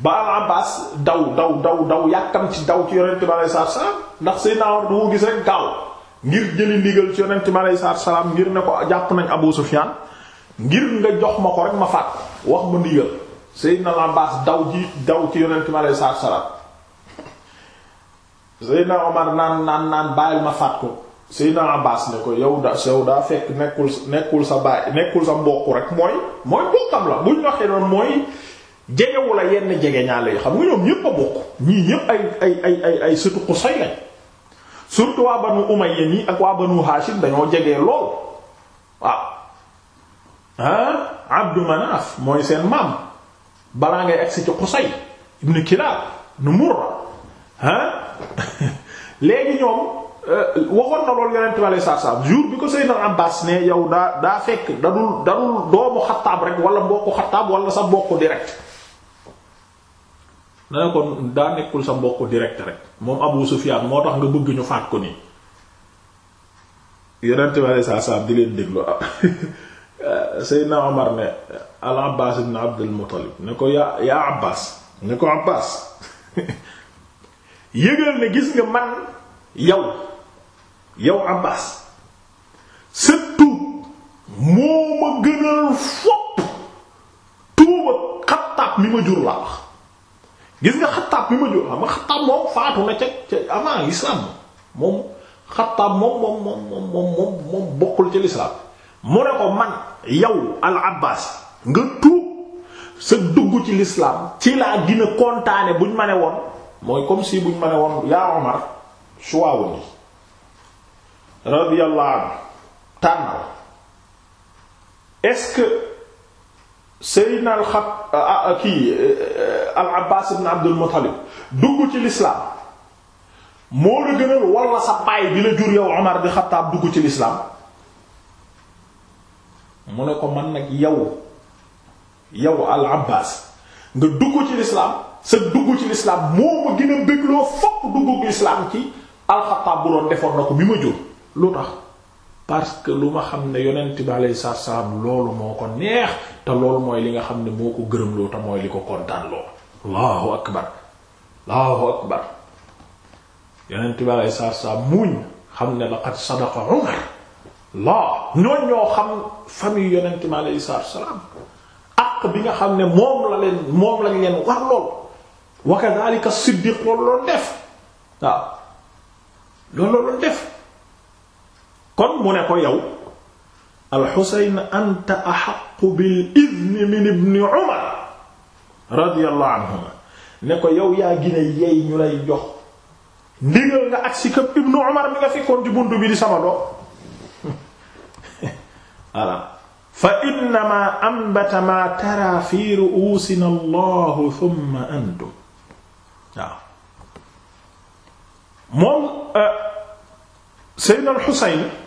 baal Abbaas daw daw daw daw yàkkam ci daw ci yonent bi aleyhi salaatu salaam ndax Seydina Umar du ko gis rek gaaw ngir jëli ndigal ci yonent bi aleyhi salaatu salaam ngir ne ko jàpp nañ Abu Sufyaan ngir nga ko rek ma faat wax ma ndigal daw ji daw ci yonent bi aleyhi salaatu salaam Seydina Umar naan naan naan bàyyil ma faat ko Seydina Abbaas ne ko yow da yow daa fekk nekkul nekkul sa baay nekkul sa mbokk rek mooy mooy bokkam la buñ waxee doon mooy jegewu la yenn jege ñaale yi xam nga ñoom ñépp a bokk ñii ñépp ay ay ay ay ay sëtu Qusay lañ surtout waa Banu Umayya nii ak waa Banu Hashim dañoo jege lool waaw ah Abdu Manaaf mooy seen maam balaa ngay agsi ci Qusay ibn Kilaab nu Murra ah léegi ñoom euh, waxoon na loolu Yonent bi alayhi salaatu salaam jour bi ko Sayyidna Abbaas ne yow daa daa fekk dadul dadul doomu Xattaab rek wala mbokku Xattaab wala sa mbokku direct na kon daa nekkul sa mbokk direct rek moom Abu Sufyan moo tax nga bëgg ñu faat ko nii yonent bi alei saatu salaam di leen déglu ah, Seydina Omar ne al Abbas ibn Abdul Muttalib ne ko yaa yaa Abbas ne ko Abbas yëgal ne gis nga man yow yow Abbas sa tuub moo ma gënal fopp tuuba Xattaab mi ma jur laa wax gis nga xattaab bi ma jóg xam nga moom faatu na ca ca avant l'islam moom xattaab moom moom moom moom moom bokkul ca l'islam mu ne ko man yow al abbas nga tuub sa dugg ci lislaam ci laa gën kontaane buñ ma ne woon mooy comme si buñ ma ne woon yaa Omar choawa ni radiyallahu anhu tànnal est-ce que Seydina al ah, ah, ah, kii eh, al Abbaas ibn Abdul Muttalib dugg ci lislaam moo la gënal walla sa baay bi la jur yow Omar bi Xattaab dugg ci lislaam mu ne ko man nag yow yow al Abbaas nga dugg ci lislaam sa dugg ci lislaam moo ma gën a bégloo fopp dugg ci lislaam ci al Xattaab bu doon defoon na ko bi ma jur lu tax parce que lu ma xam ne yonent bi alayhi salaatu salaam loolu moo ko neex te loolu mooy li nga xam ne moo ko gërëmloo te mooy li ko kontaan loolu allahu akbar allahu akbar yonent bi alayhi salaam muñ xam ne laqad sadaqa Umar la ñooñ ñoo xam famille yonent bi alayhi salaam ak bi nga xam ne moom la leen moom lañ leen war lool wa kadhalika Siddiq loolu loolu def waaw loolu loolu def kon mu ne ko yow alxusayn anta axaqu bil idni min ibni umar radiyallahu anhuma ne ko yow yaa gine yey ñu lay jox ndigal nga agsi këpp ibnu umar mi nga fekkoon ci buntu bi di sama doom voilà fa innama ambata ma tara fi ru'usina allahu thumma antum waaw moom euh, seydna al xusayn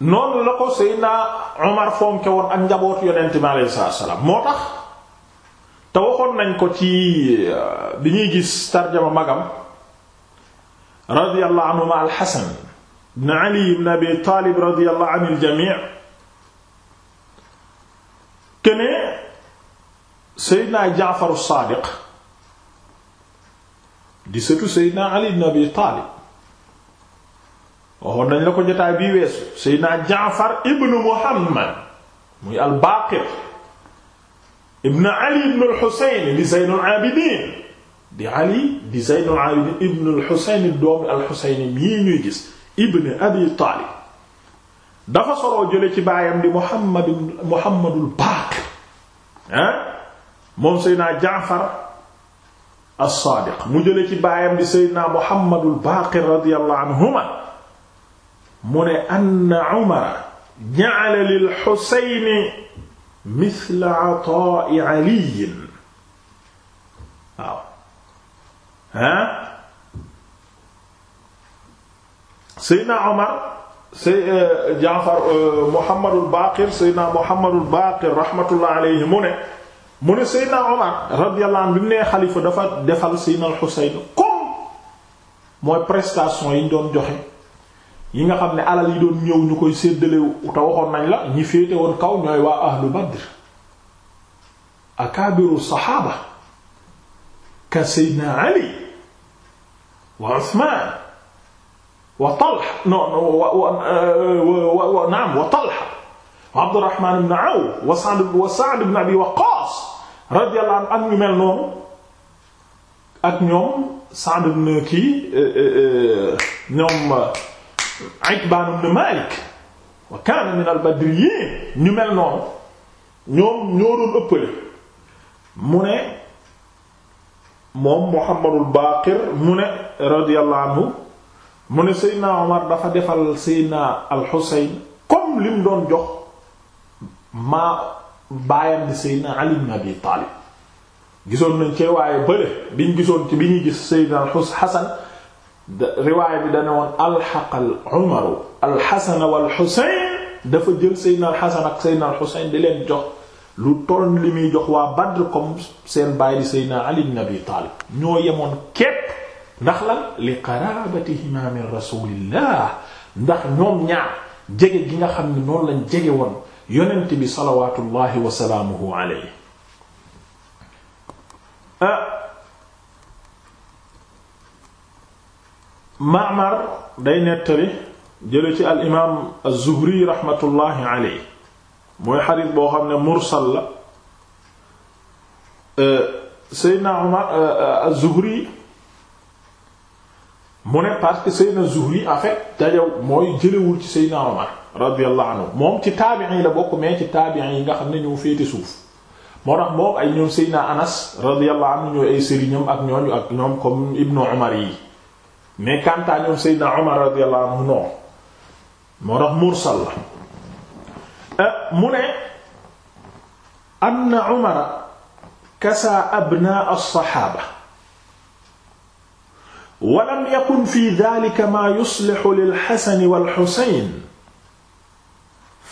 noonu la ko Seydina Omar fonke woon ak njabootu yonent bi alayhi moo tax te waxoon nañ ko ci euh, bi ñuy gis tarjama magam radiyallahu anhuma al-Hasan ibn Ali ibn Abi Talib kene Seydina Ja'far as-Sadiq di sëtu Seydina Ali ibn Abi Talib waxoon nañ la ko jotaay bii weesu seydna jaafar ibnu muhammad muy albaqir ibn ali ibn alxusayn di zeynul abidin di ali di zeynul abidin ibn alxusayn doomi alxusayn mii ñuy gis ibn abi taalib dafa soloo jële ci baayam di muhammad muhammadul baqir moom seydna jaafar as mu jële ci baayam di seydna muhammadul baqir radiyallahu anhuma mu ne anna umara ja'ala lil xuseyni mithla ataa'i aliyin waaw ah seydna omar sey uh, jaafar uh, mohammadul baqir seydna mohammadul baqir rahmatullah aleyhi mu ne mu ne seydna omar radiyallahu anhu bi mu nee xalifa dafa defal seydna al xuseyn comme mooy prestation yi ñu doon joxe yi nga xam ne alal yi doon ñëw ñu koy séddale te waxoon nañ la ñi féete woon kaw ñooy waa ahlu badr akaabiru saxaaba ka seydna ali wa usmaan wa talha wa naam wa talha wa abdurahmaan ibn wa sa'd wa abi waqqaas radiyallahu anhu ak noonu ak ñoom sa'd ibn kii eh, eh, eh, ñoom Itbaan ibn Maalik wa kaana min al-badriyyiin ñu mel noonu ñoom ñoo doon ëppale mu ne moom Muhammadul Baaqir mu ne radiyallahu anhu mu ne Seydina Omar dafa defal Seydina al-Husayn comme lim doon jox maa baayam di Seydina Ali ibn Abi Taalib gisoon nañ ci waaye bële biñ gisoon ci bi ñuy gis Seydina al-Hasan riwaaya bi dana woon alxaqal umaru alxasana walxusayn dafa jël seydna alxasan ak seydna alxusayn di leen jox lu toll li muy jox waa Badr comme seen baay di seydna Ali ibn Abi Taalib ñoo yemoon képp ndax lan li qarabatihima min rasulillah ndax ñoom ñaar jege gi nga xam ne noonu lañ jege woon yonent bi salawatullahi wa salaamuhu alayhi ah, Ma'mar day nettali jële ci al imaam az-Zuhri raxmatullaahi alayhi mooy xarit boo xam ne mursal la euh, Seydina Umar euh, euh, az-Zuhri mu ne parce que Seydina Zuhri en fait dajaw mooy jëlewul ci Seydina Umar radiyallahu moom ci taabiin yi la bokk mais ci taabiin yi nga xam ne ñoo féete suuf moo tax moom ay ñoom Seydina Anas radiyallahu anhu ñooy ay sëriñam ak ak ñoom comme Ibnu Umar yi mais kantaa ñoom Seydina Omar radiyallahu anhu non moo tax mursal la euh, mu ne anna Omar kasa abnaa as-saxaaba wa lam yakun fi daalika maa yuslihu lil Xasan wal Xusayn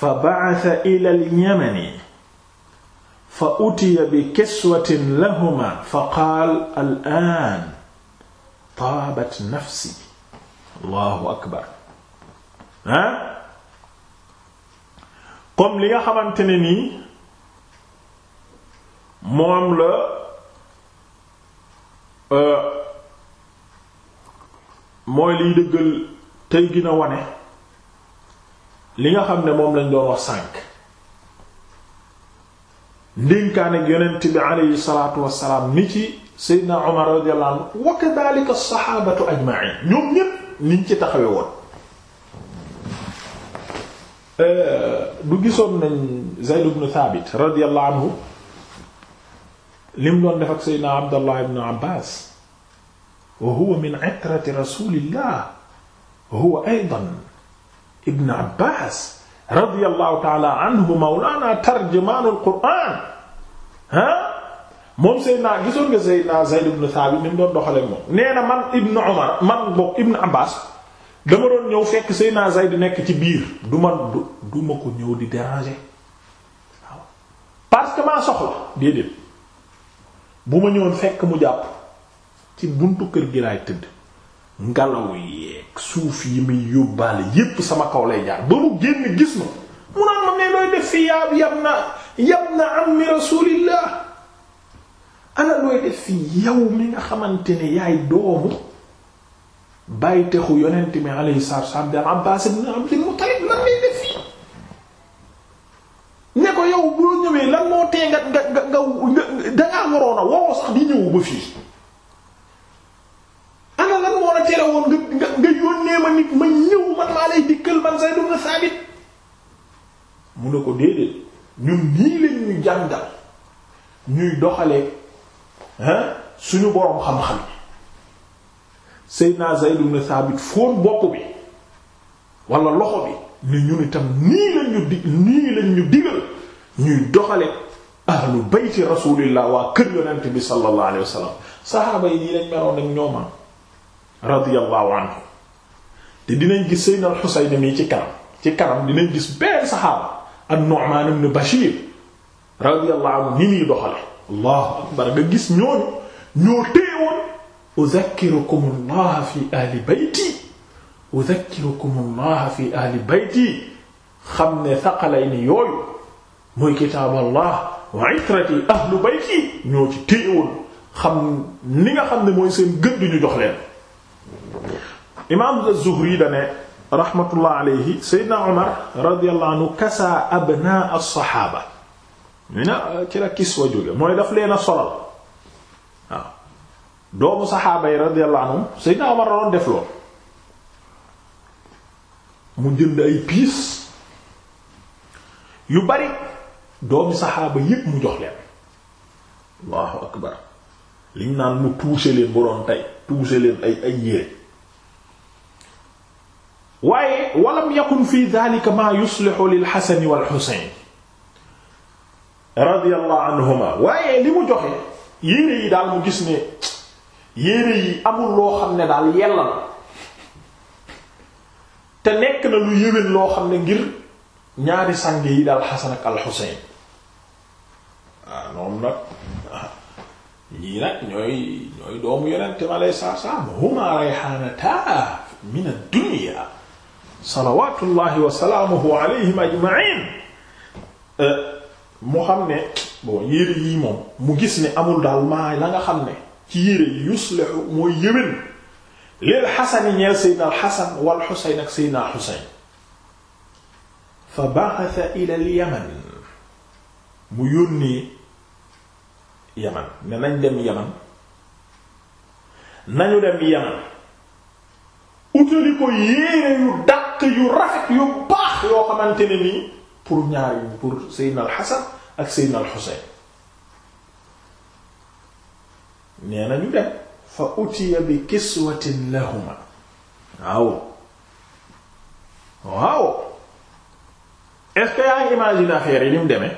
fa ba'atha ila al-yamani fa utiya bi kiswatin lahumaa fa qaala al-aan taabat nafsi allahu akbar ah comme li nga xamante ne nii moom la euh, mooy liy dëggal tey gën a wane li nga xam ne moom lañ doon wax sànk ndénkaane yonent bi aleyhi salaatu wassalaam ni ci Seydina Omar radiyallahu anhu wa kadhalika as-sahabatu ajma'in ñoom ñépp niñ ci taxawe woon euh, du gisoon nañ Zayd ibn Thabit radiyallahu anhu lim doon def ak Seydina Abdallah ibn Abbas wa huwa min itrati rasulillah huwa aydan ibn Abbas radiyallahu ta'ala anhu mawlana tarjumanul Qur'an ha moom Seydina gisoon nga Seydina Zayd ibn Thabit ni mu doon doxalee moom nee man Ibn Umar man bokk Ibn Abbas dama doon ñëw fekk Seydina Zayd nekk ci biir du ma du du ko ñëw di déranger waaw que maa soxla déedéet bu ma ñëwoon fekk mu jàpp ci buntu kër gi laay tëdd ngelaw yeeg suuf yi muy yóbbaale yépp sama kaw lay jaar ba mu génn gis ma mu naan ma ne looy def fii yaa na yab na ammi Rasulillah ana looy fii yow mi nga xamante ne yaay doomu bàyyi texu yonent mi alayhi salaatu wassalaam di Abbaas ibn Abdul Muttalib lan lay def fii ne ko yow bu ñëwee lan moo tee nga nga nga nga la tere woon nga nga yónnee ma nit ma ñëw man maa lay dikkal man Zayd ibn Saabit mu ne ko déedéet ñun nii lañ ñu jàngal ñuy doxalee suñu boroom xam-xam Seydina Zayd ibn Thabit fóon bopp bi wala loxo bi ni ñun itam nii lañ ñu dig nii lañ ñu digal ñuy doxale ahlu bayti rasulillah waa kër yonent bi wa sallam saxaaba yi nii meroon ak ñooma ah, radiyallahu anhu te dinañ gis Seydina al-Husayn mi ci kanam ci kanam dinañ gis benn saxaaba an-Nu'man ibn Bashir radiyallahu anhu ni doxale allahu akbar nga gis ñooñu ñoo téewoon udhakkirukum allah fi ahli bayti udhakkirukum allah fi ahli bayti xam ne thaqalayni yooyu muy kitaab allah wa itrati ahlu bayti ñoo ci téewoon xam ni nga xam ne mooy seen gëdd ñu jox leen imaam az-Zuhri dane rahmatullah alayhi sayyidina Umar radiyallahu anhu kasa abnaa as-sahaaba ñu ne ah, ci la kis mooy daf leen a solal waaw doomu saxaaba yi radiyallahu anhum Seydina Omar doon def lool mu jënd ay piis yu bari doomu saxaaba yëpp mu jox leen allahu akbar liñ naan mu tuuse leen bu doon tey tuuse leen ay ay yére waaye walam yakun fi dhalika ma yuslihu lil Hasan wal Husayn radiyallahu anhuma waaye li mu joxe yére yi daal mu gis ne yére yi amul loo xam ne daal yella la te nekk na lu yéwén loo xam ne ngir ñaari sang yi daal Xasan ak Alxuseyn waaw ah, nag ñii nag ñooy doomu yonente mi aleyhi salaatu salaam huma rayhaanata min ad salawaatullahi wa salaamuhu alayhim ajma'in eh, mu xam ne bon yére yii moom mu gis ne amul daal maa la nga xam ne ci yére yi yuslihu mooy yëwén lil xasani ñeel seydna al xasan wal xusayn ak seydna al fa ba'atha ila al mu yónnee yaman ne nañ dem yaman nañu dem yaman utali ko yére yu dàq yu rafet yu baax yoo xamante ne nii pour ñaar yi pour Seydina al ak Seydina al Husayn ñu dem fa utiya bi kiswatin lahuma waaw waaw est yaa ngi imaginer affaire yi ni mu demee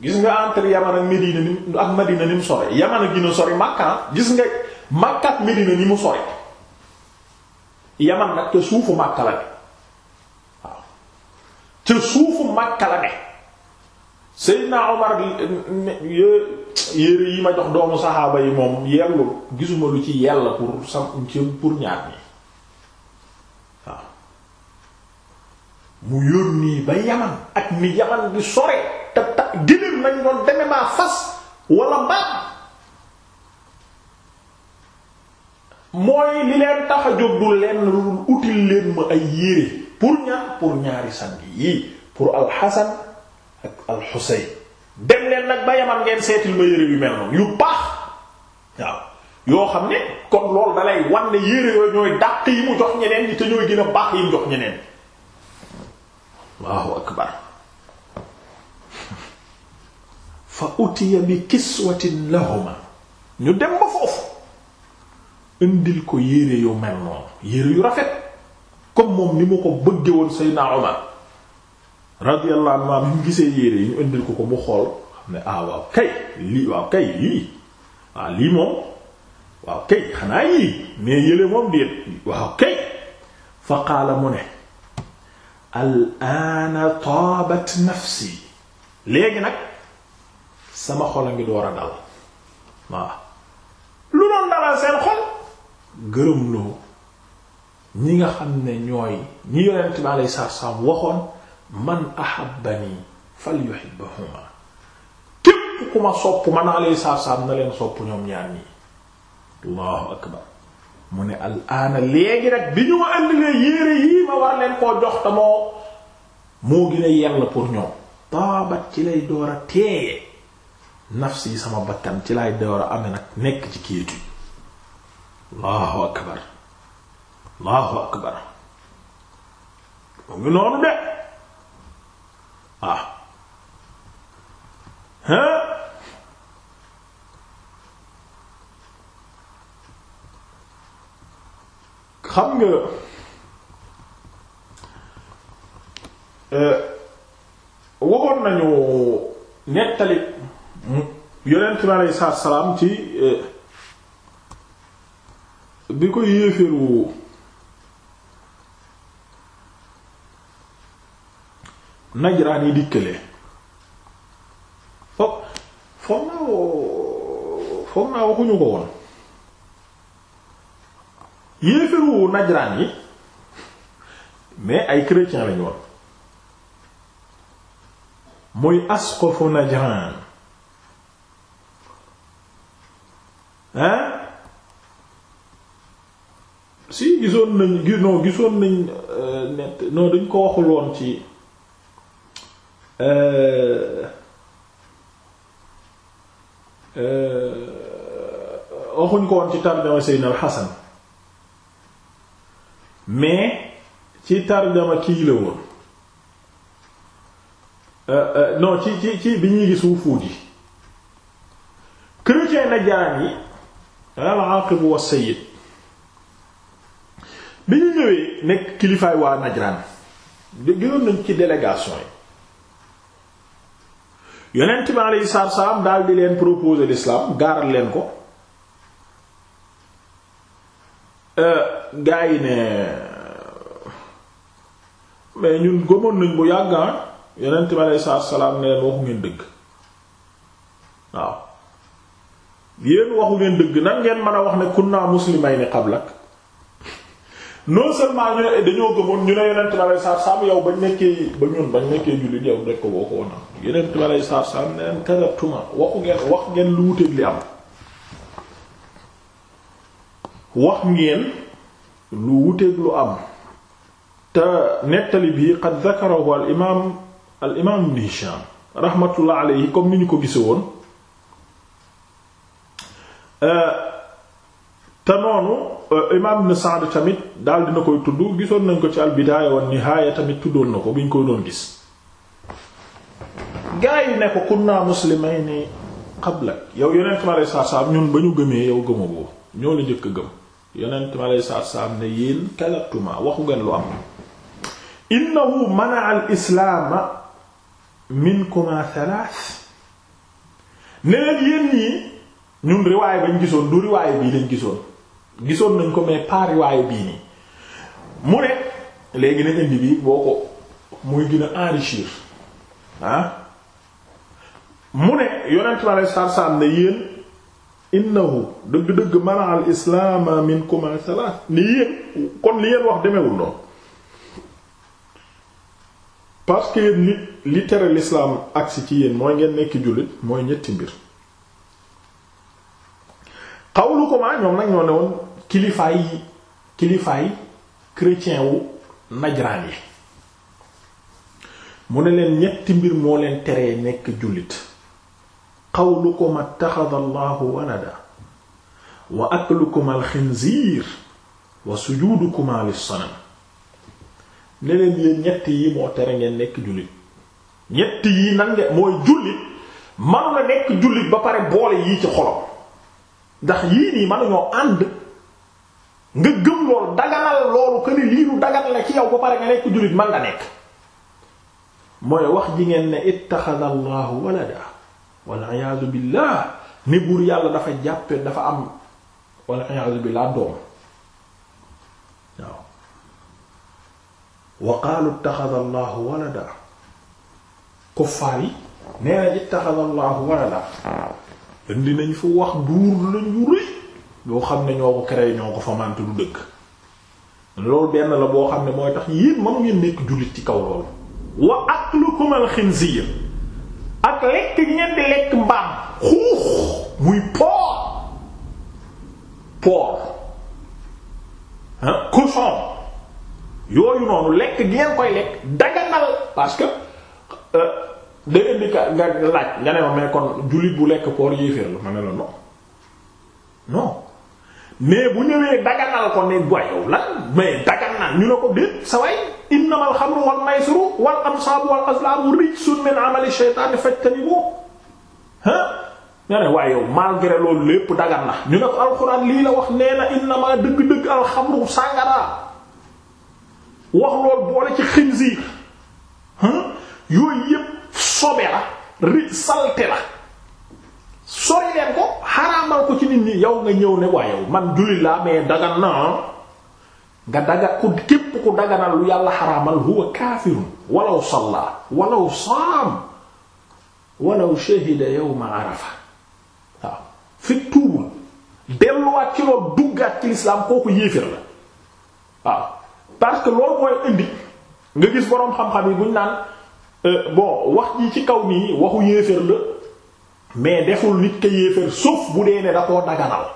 gis nga entre Yaman ak Medina ni ak Madina ni mu sori Yaman a gina sori Makka ah. gis nga Makka ak Medina ni mu sori Yaman nag te suufu Makka la ca suufu Makka la Omar yére yi ma jox doomu saxaaba yi moom yellul gisuma lu ci yàlla pour sam pour ñaar nii waaw mu yónni ba Yaman ak ni Yaman di sore te ta génn nañ doon deme maa fas wala mbaam mooy li leen tax du lenn lu leen ma ay yére pour ñaar pour ñaari sang yii pour alxasan ak alxuseyn dem leen nag ba yaman ngeen seetil ma yére yu mel noonu yu baax waaw yoo xam ne kon lool dalay wan ne yére yooyu ñooy dàq yi mu jox ñeneen ñi te ñooy gën a baax yi mu jox ñeneen Allahu akbar fa utiya bi kiswatin lahuma ñu dem ko foofu indil ko yére yu mel noonu yére yu rafet comme moom ni mu ko bëgge woon Seydina Omar radiyallahu anhu bi mu gisee yére yi ñu indil ko ko mu xool xam ne ah waaw kay lii waaw kay lii waaw ah, lii moom waaw kay xanaa yii mais yële moom déet waaw kay fa qaala mu ne al ana nafsi léegi nag sama xol a ngi war a dal waaw lu doon dalal seen xol gërëm loo ñi nga xam ne ñooy ñi yonent bi alayhi salaam waxoon man ahabbani falyuhibbahuma képp ku ma sopp man alayhi salaam na leen sopp ñoom ñaar ñi allahu akbar mu ne al aana léegi rek bi ñu ma àndilee yére yii ma war leen koo jox te moo moo gën a yell pour ñoom taabat ci lay door a teeye nafsi sama bakkan ci lay door a ame nag nekk ci kéetu allahu akbar allahu akbar mu ngi noonu de waaw ah. hein xam nga eh, waxoon nañu nettali yonent bi aleyhi salaam ci eh, bi ko yéeféeru najraan yi dikkalee foog foog naa waxuñu ko woon yéeféru najraan yi mais ay chrétien lañu woon muy askofu najraan hein si gisoon nañ non gisoon nañ euh, net noon dañ ko waxul woon ci Euh, euh, waxuñ ko woon ci tarjama Seydina Al-Hasan mais ci tarjama kii la woon euh, non ci ci ci bi ñuy gis wufuud yi chrétien na jaan yi al-Aaqib wa Sayyid bi ñu ñëwee nekk kilifaay waa Najraan gënoon nañ ci délégation yi yonent bi alayhi salaatu salaam daal di leen proposer l'islam gaaral leen ko euh, gaa yi ne mais ñun gëmoon nañ bu yàggaan ah, yonent bi alayhi salaatu salaam ne leen waxu ngeen dëgg waaw yéen waxu ngeen dëgg nan ngeen mën a wax ne kunna muslimayni qablak non seulement ñu ne dañoo gëmoon ñu ne yeneen tubaab saar saam yow bañ nekkee ba ñun bañ nekkee jullit yow daj ko boo ko woon yeneen tubaab saar saam ne leen kadatuma waxu ngeen lu wuteeg li am. wax lu wuteeg lu am te nettali bi qad zakarahu al imaam al imaam ibn Hisham rahmatullah comme ni ñu ko gise woon. Euh, te noonu euh, imaam Ibn Sa'd tamit daal dina koy tudd gisoon nañ ko ci al-Bidaaya wa Nihaaya tamit tuddoon na ko bi ñu koy doon gis gaa yi ne ko kunna muslimayni qablak yow yonent mi alayhi salaatu salaam ba ñu gëmee yow gëma boobu ñoo la njëkk a gëm yonent mi alayhi salaatu salaam ne yéen kalatuma waxu ngeen lu am innahu mana'a al-islaama minkuma thalath ne leen yéen ñii ñun riwaay bañ gisoon du riwaay bii lañ gisoon gisoon nañ ko mais paariwaay bii nii mu ne léegi nañ indi bi boo ko muy gën a enrichir ah mu ne yonent mi aleyhi salaatu salaam ne yéen innahu dëgg-dëgg mana al islaama minkum salaat ni yéen kon li yéen wax demewul noonu parce que li li tere l'islaam agsi ci yéen mooy ngeen nekk jullit mooy ñetti mbir xawlu ko ma ñoom nag ñoo ne woon kilifaay kilifaay chrétien wu najraan yi mu ne leen ñetti mbir moo leen teree nekk jullit qawlukum attaxada allahu walada wa aklukum alxinziir wa sujuudukum lissanam ne leen yéen ñett yi moo tere ngeen nekk jullit ñett yi nan mooy jullit manu la nekk jullit ba pare boole yi ci xolam ndax yii nii manuñoo ànd nga gëm loolu daganal loolu que ni lii lu dagan la ci yow ba pare nga nekk jullit man nga nekk mooy wax ji ngeen ne ittaxada allahu walada wal iyaadu billah ni buur yàlla dafa jàppe dafa am wal iyaadu billah doom waaw wa qaalu ittaxada allahu walada kuffaar yi nee na ittaxada allahu walada indi nañ fu wax duur lañu rëy loo xam ne ñoo ko créé ñoo ko famante du dëkk loolu benn la boo xam ne mooy tax yéen mënu ngeen nekk jullit ci kaw loolu wa aklukum al xinziir ak lekk ngeen di lekk mbaam xuux muy porc porc ah cochon yooyu noonu lekk ngeen koy lekk daganal parce que euh, da ngeen ka nga laaj nga ne ma mais kon jullit bu lekk porc yéeféer la ma ne la non non mais bu ñëwee daganal ko ne boyow la mais daganal ñu ne ko déet sa way innamal xamru wal am wal ansaabu wal azlaamu rijsun min amali shaytaani fajtanibuuh nga ne waaye yow malgré loolu lépp dagan na ñu ne ko alxuraan lii la wax nee na innama dëgg-dëgg alxamru sàngara wax lool boole ci xinziir yooyu yépp sobe la ri salte la sori leen ko xaraamal ko ci nit ñi yow nga ñëw ne waaye man jullit laa mais dagan na ah. nga daga ku képp ku daganal lu yàlla xaraamal huwa kaafirun walaw sallaa walaw saam walaw shahida yawma arafa waaw fekk tuubul ci loolu duggaat ci lislaam kooku yéefér la waaw parce que loolu mooy indi nga gis boroom xam-xam yi buñ naan euh, bon wax ji ci kaw nii waxu yéefér la mais deful nit ka yéeféer sauf bu dee ne da koo daganal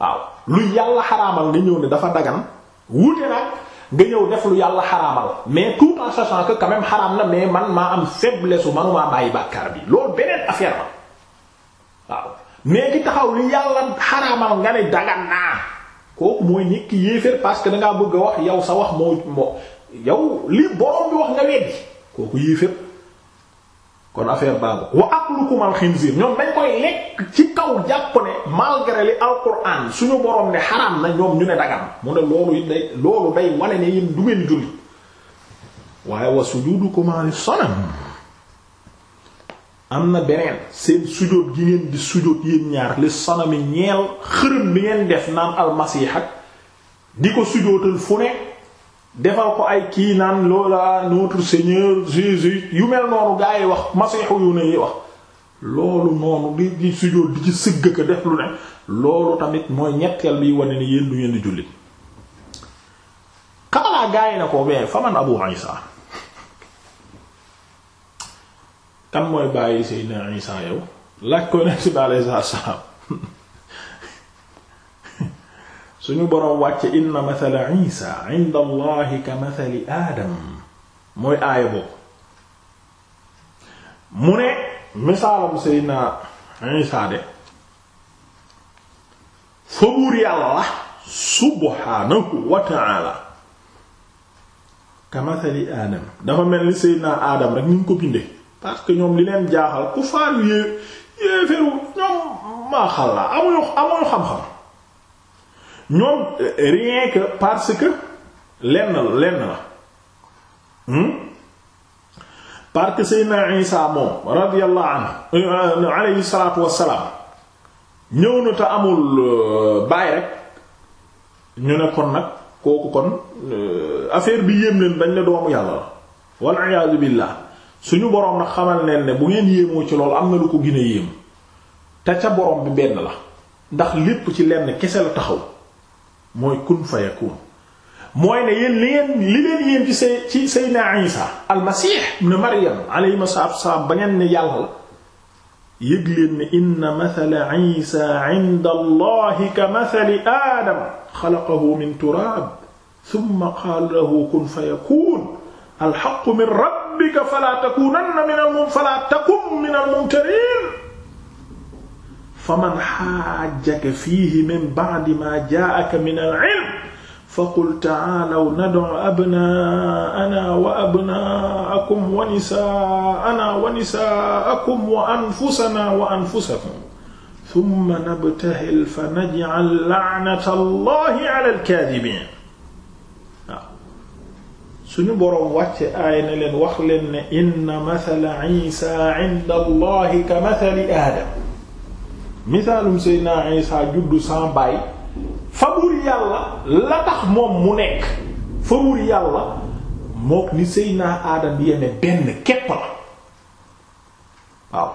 waaw lu yàlla xaraamal nga ñëw ni dafa dagan wuute nag nga ñëw def lu yàlla xaraamal mais tout en sachant que quand na mais man maa am faiblesse su manumaa bàyyi bàkkaar bi loolu beneen affaire la waaw mais taxaw lu yàlla xaraamal nga ne dagan naa kooku mooy nekk yéeféer parce que dangaa bëgg a wax yow sa wax moo moo yow li borom bi wax nga weddi kooku yéeféer kon affaire baabu wa aklukum al xinziir ñoom dañ koy lekk ci kaw jàpp ne malgré li alquran suñu borom ne xaraam na ñoom ñu ne dagan mu ne loolu day wane ne yéen du ngeen julli waaye wa sujudukum al sanam am na beneen seen sujóot gi ngeen di sujóot yéen ñaar li sanami ñeel xërëm bi ngeen def naan almasiix ak di ko sujóotal fu ne defal ko ay kii naan loola notre seigneur Jésus yu mel noonu gaa yi wax masiixu yu ne yi wax loolu noonu di di sujjóot ci sëgg ko def lu ne loolu tamit mooy ñetteel biy wane ne yéen du jullit xamalaa gaa na ko bee faman Abu Isa kan mooy bàyyi Seydina Isa yow laaj ko ne si bàyyi sa suñu boroom wàcce inna mathala isa inda allahi ka mooy aaya boobu mu ne misaalam seydina isa de fa buur yàlla subhaanahu wa ta'ala ka mathali aadam dafa mel ni seydina aadam rek ni ñu ko bindee parce ñoom li leen jaaxal ku faaru yée yéeféeru ñoom maa xal la amuñu xam-xam ñoom euh, rien que parce que lenn lenn la hmm? parce que Seydina Isa moom radiyallahu anhu euh, euh, alayhi salaatu wassalaam ñëw na te amul baay rek ñu ne kon nag kooku kon affaire bi yéem leen dañ ne doomu yàlla la wal iyaadu billah suñu boroom nag xamal neen ne bu ngeen yéemoo ci loolu am na lu ko gën yéem te ca boroom bi benn la ndax lépp ci lenn kese la taxaw mooy kun fayakun mooy ne yéen li ngeen li leen yéen ci say ci Seydina Isa almasih ibn Maryam alayhi salaatu wassalaam ba ngeen ne yàlla la yëg leen ne inna mathala Isa inda Allahi ka mathali Aadama xalaqahu min turaab thumma qaala lahu kun fayakun alhaqqu min rabbika falaa takuunanna minal mum falaa takum minal mumtariin fa man xaajaka fiihi min ba'di maa jaa'aka min al-'ilm faqul ta'aalaw nad'u abnaa'anaa wa abnaa'akum wa nisaa'anaa wa nisaa'akum wa anfusanaa wa anfusakum thumma nabtahil fa naj'al la'nata Allahi 'ala al-kaadhibiin waaw suñu boroom wàcce aaya ne leen wax leen ne inna mathala Iisaa 'inda Allahi ka mathali Aadam misaalum Seydina Isa juddu sans baay fa buur yàlla la tax moom mu nekk fa buur yàlla mook ni Seydina Adam yeme benn képp la waaw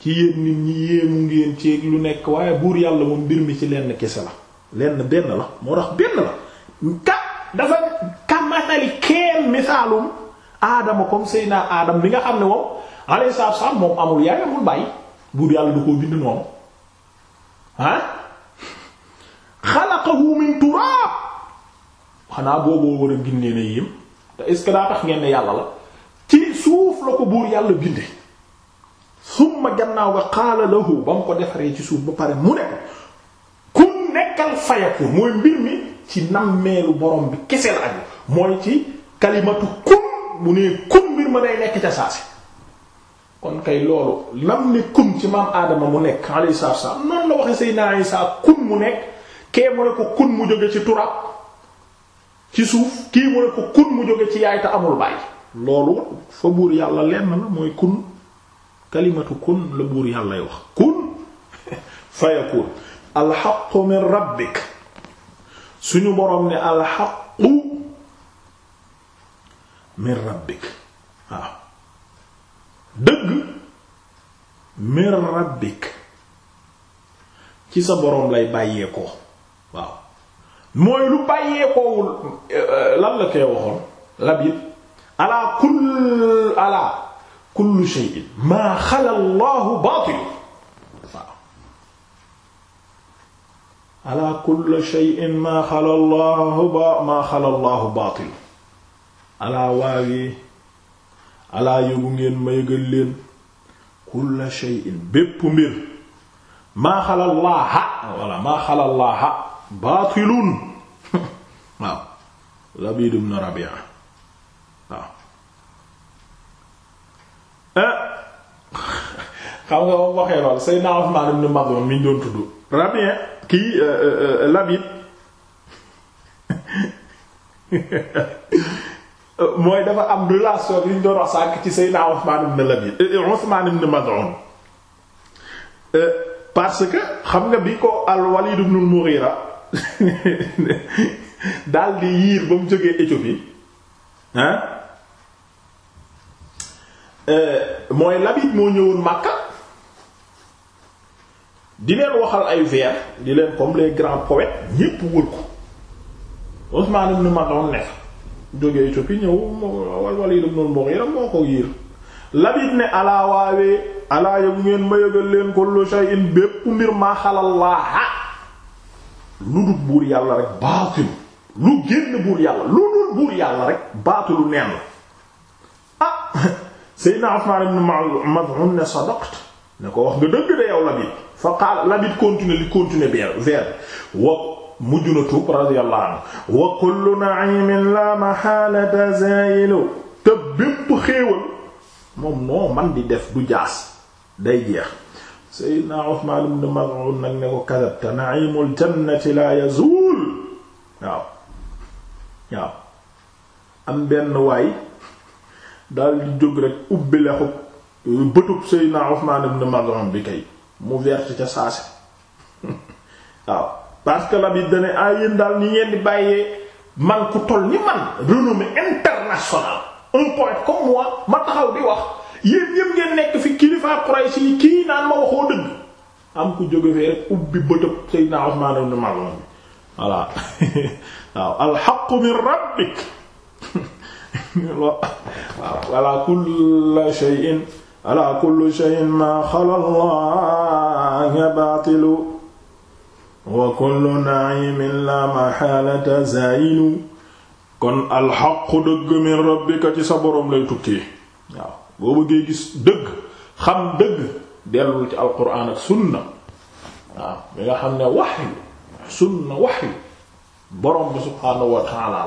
ci yéen nit ñi yéemu ngeen ci lu nekk waaye buur yàlla moom mbir mi ci lenn kese la lenn benn la moo tax benn la ka dafa ka kenn misaalum aadama comme Seydina aadam bi nga xam ne moom alayhi salaam moom amul yaay amul bàyyi buur yàlla da koo bind noonu ah xalaqahu min turaab xanaa booboo war a gindee na yéem te est que daa tax ngeen ne yàlla la ci suuf la ko buur yàlla binde summa gannaaw nga qaala lahu ba mu ko defaree ci suuf ba pare mu ne kun nekkal fayakun mooy mbir mi ci nammeelu borom bi kese la aju mooy ci kalimatu kun bu nee kun mbir ma day nekk ca saasi kon kay loolu lam ne kun ci maam aadama mu nekk alayhi a salaam noonu la waxe Seydina Isaa kun mu nekk kee mu ne ko kun mu jóge ci turab ci suuf kii mu ne ko kun mu jóge ci yaay te amul baay loolu fa buur yàlla lenn la mooy kun kalimatu kun la buur yàllay wax kun fayakun alxaqu min rabbik suñu boroom ne alxaqu min rabbik waaw dëgg mir rabbik ci sa borom lay bàyyeekoo waaw mooy lu bàyyeekoowul euh, lan la waxoon labit ala kull ala kullu shay'in maa xala Allahu baatil waaw ala kulli maa xala Allahu baatil ala waawi alaa yëgu ngeen ma yëgal leen kulla shay'in bépp mbir maa xalallaaha walla maa xalallaaha baatilun waaw Labiid ibn Rabi'a waaw eh. xam nga moom waxee lool Seydina Usmaan ibn Maz'uun mi ñu doon tudd Rabi'a kii eh, eh, Labiid mooy dafa am relation liñ doon wax sànk ci Seydina Ousmane ibn Labi Ousmane eh, eh, ibn Mad'un eh, parce que xam nga bi ko al-Walid ibn al-Mughira daal di yiir ba mu jógee Éthiopie hein mooy Labid moo ñëwoon Makka di leen waxal ay vers di leen comme les grands poètes ñépp wër ko Ousmane ibn Mad'un ne fa jóge Éthiopie ñëw wal Walid ibn al-Mughira moo ko yiir Labid ne alaa waawee alaa yëgu ngeen ma yëgal leen kullu shay'in bépp mbir maa xalallaaha lu dul buur yàlla rek baatil lu génn buur yàlla lu dul buur yàlla rek baatilu neen la ah Seydina Usman ibn Maz'un ne sadaqta ne ko wax nga dëgg de yow Labid fa qaala Labid continue li continue vers mujj na tuub radiyallahu anhu wa kullu na'imin la mahalata zaayilu te bépp xéewal moom noo man di def du jaas day jeex sayyidna Uthman ibn Maz'un nag ne ko kadabta na'imul jannati la yazul waaw waaw am benn waay daal di jóg rek ubbi lexub bëtub sayyidna Uthman ibn Maz'un bi kay mu verte ca saase waaw parce que Labid dane ah daal ni ngeen bàyyee man ku toll ni man renommée internationale un poète comme moi ma taxaw di wax yéen yëpp ngeen nekk fi kilifa Quraysh yi kii naan ma waxoo dëgg am ku jóge fee rek ubbi bëtëb Seydina Usmaan ibn Maz'un voilà waaw alhaqqu min rabbik waaw ala kulli shay'in ala kulli shay'in ma xala Allah baatilu wa kullu na'imin la maxaalata zaayinu kon alxaqu dëgg min rabbika ci sa boroom lay tukkee waaw boo bëggee gis dëgg xam dëgg dellul ci alquran ak sunna waaw mi nga xam ne waxyu sunna waxyu boroom bi subhaanahu wa ta'aala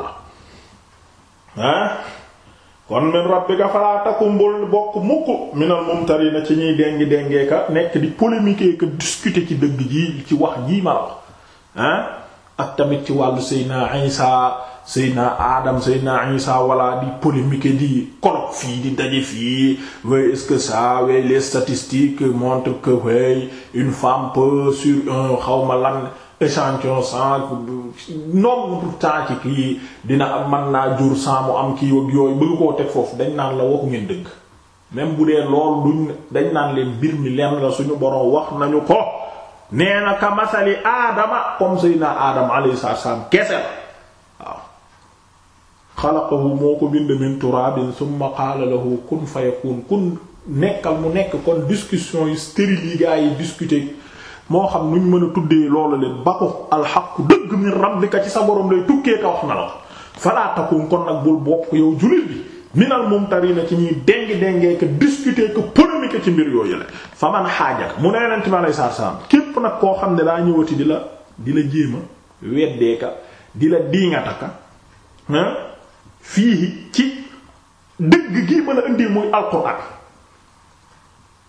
kon min rabbika falaa takum bul bokk mukk minal mumtarina ci ñuy dengi dengee nekk di polémiquer ka ci dëgg ji ci wax ji ma wax ah ak tamit ci wàllu Seydina Isa Seydina Adam Seydina Isa wala di polémiquer di colloque fii di daje fii way est-ce que ça les statistiques montrent que way une femme sur un xawma lan échantillon sang nombre temps ci dina am man naa jur sang mu am kii ak yooyu bëgg koo teg foofu dañ naan la waxu ngeen dëgg même bu dee lool duñ dañ naan leen mbir mi lenn la suñu borom wax nañu ko nee na ka masali aadama comme sayna aadama alayhi salaam kese la waaw xalaqahu moo ko bind min turabin summa qaala lahu kun fayakun kun nekkal mu nekk kon discussion yu stérile yi gaa yi discuter moo xam ñu mën a tuddee loolu leen ba ko alxaqu dëgg min rabbika ci sa borom lay tukkee ka wax na la falaa takun kon nag bul bopp yow jullit bi minal mumtarina ci ñuy dengi dengee que discuter que polémique ci mbir yooyu la fa man xaajak mu ne yonent mi alei saatu salaam képp nag koo xam ne daa ñëwati di la di la jéema weddeeka di la diiŋataka ah, fii ci dëgg gii mën a indi muy alxuraan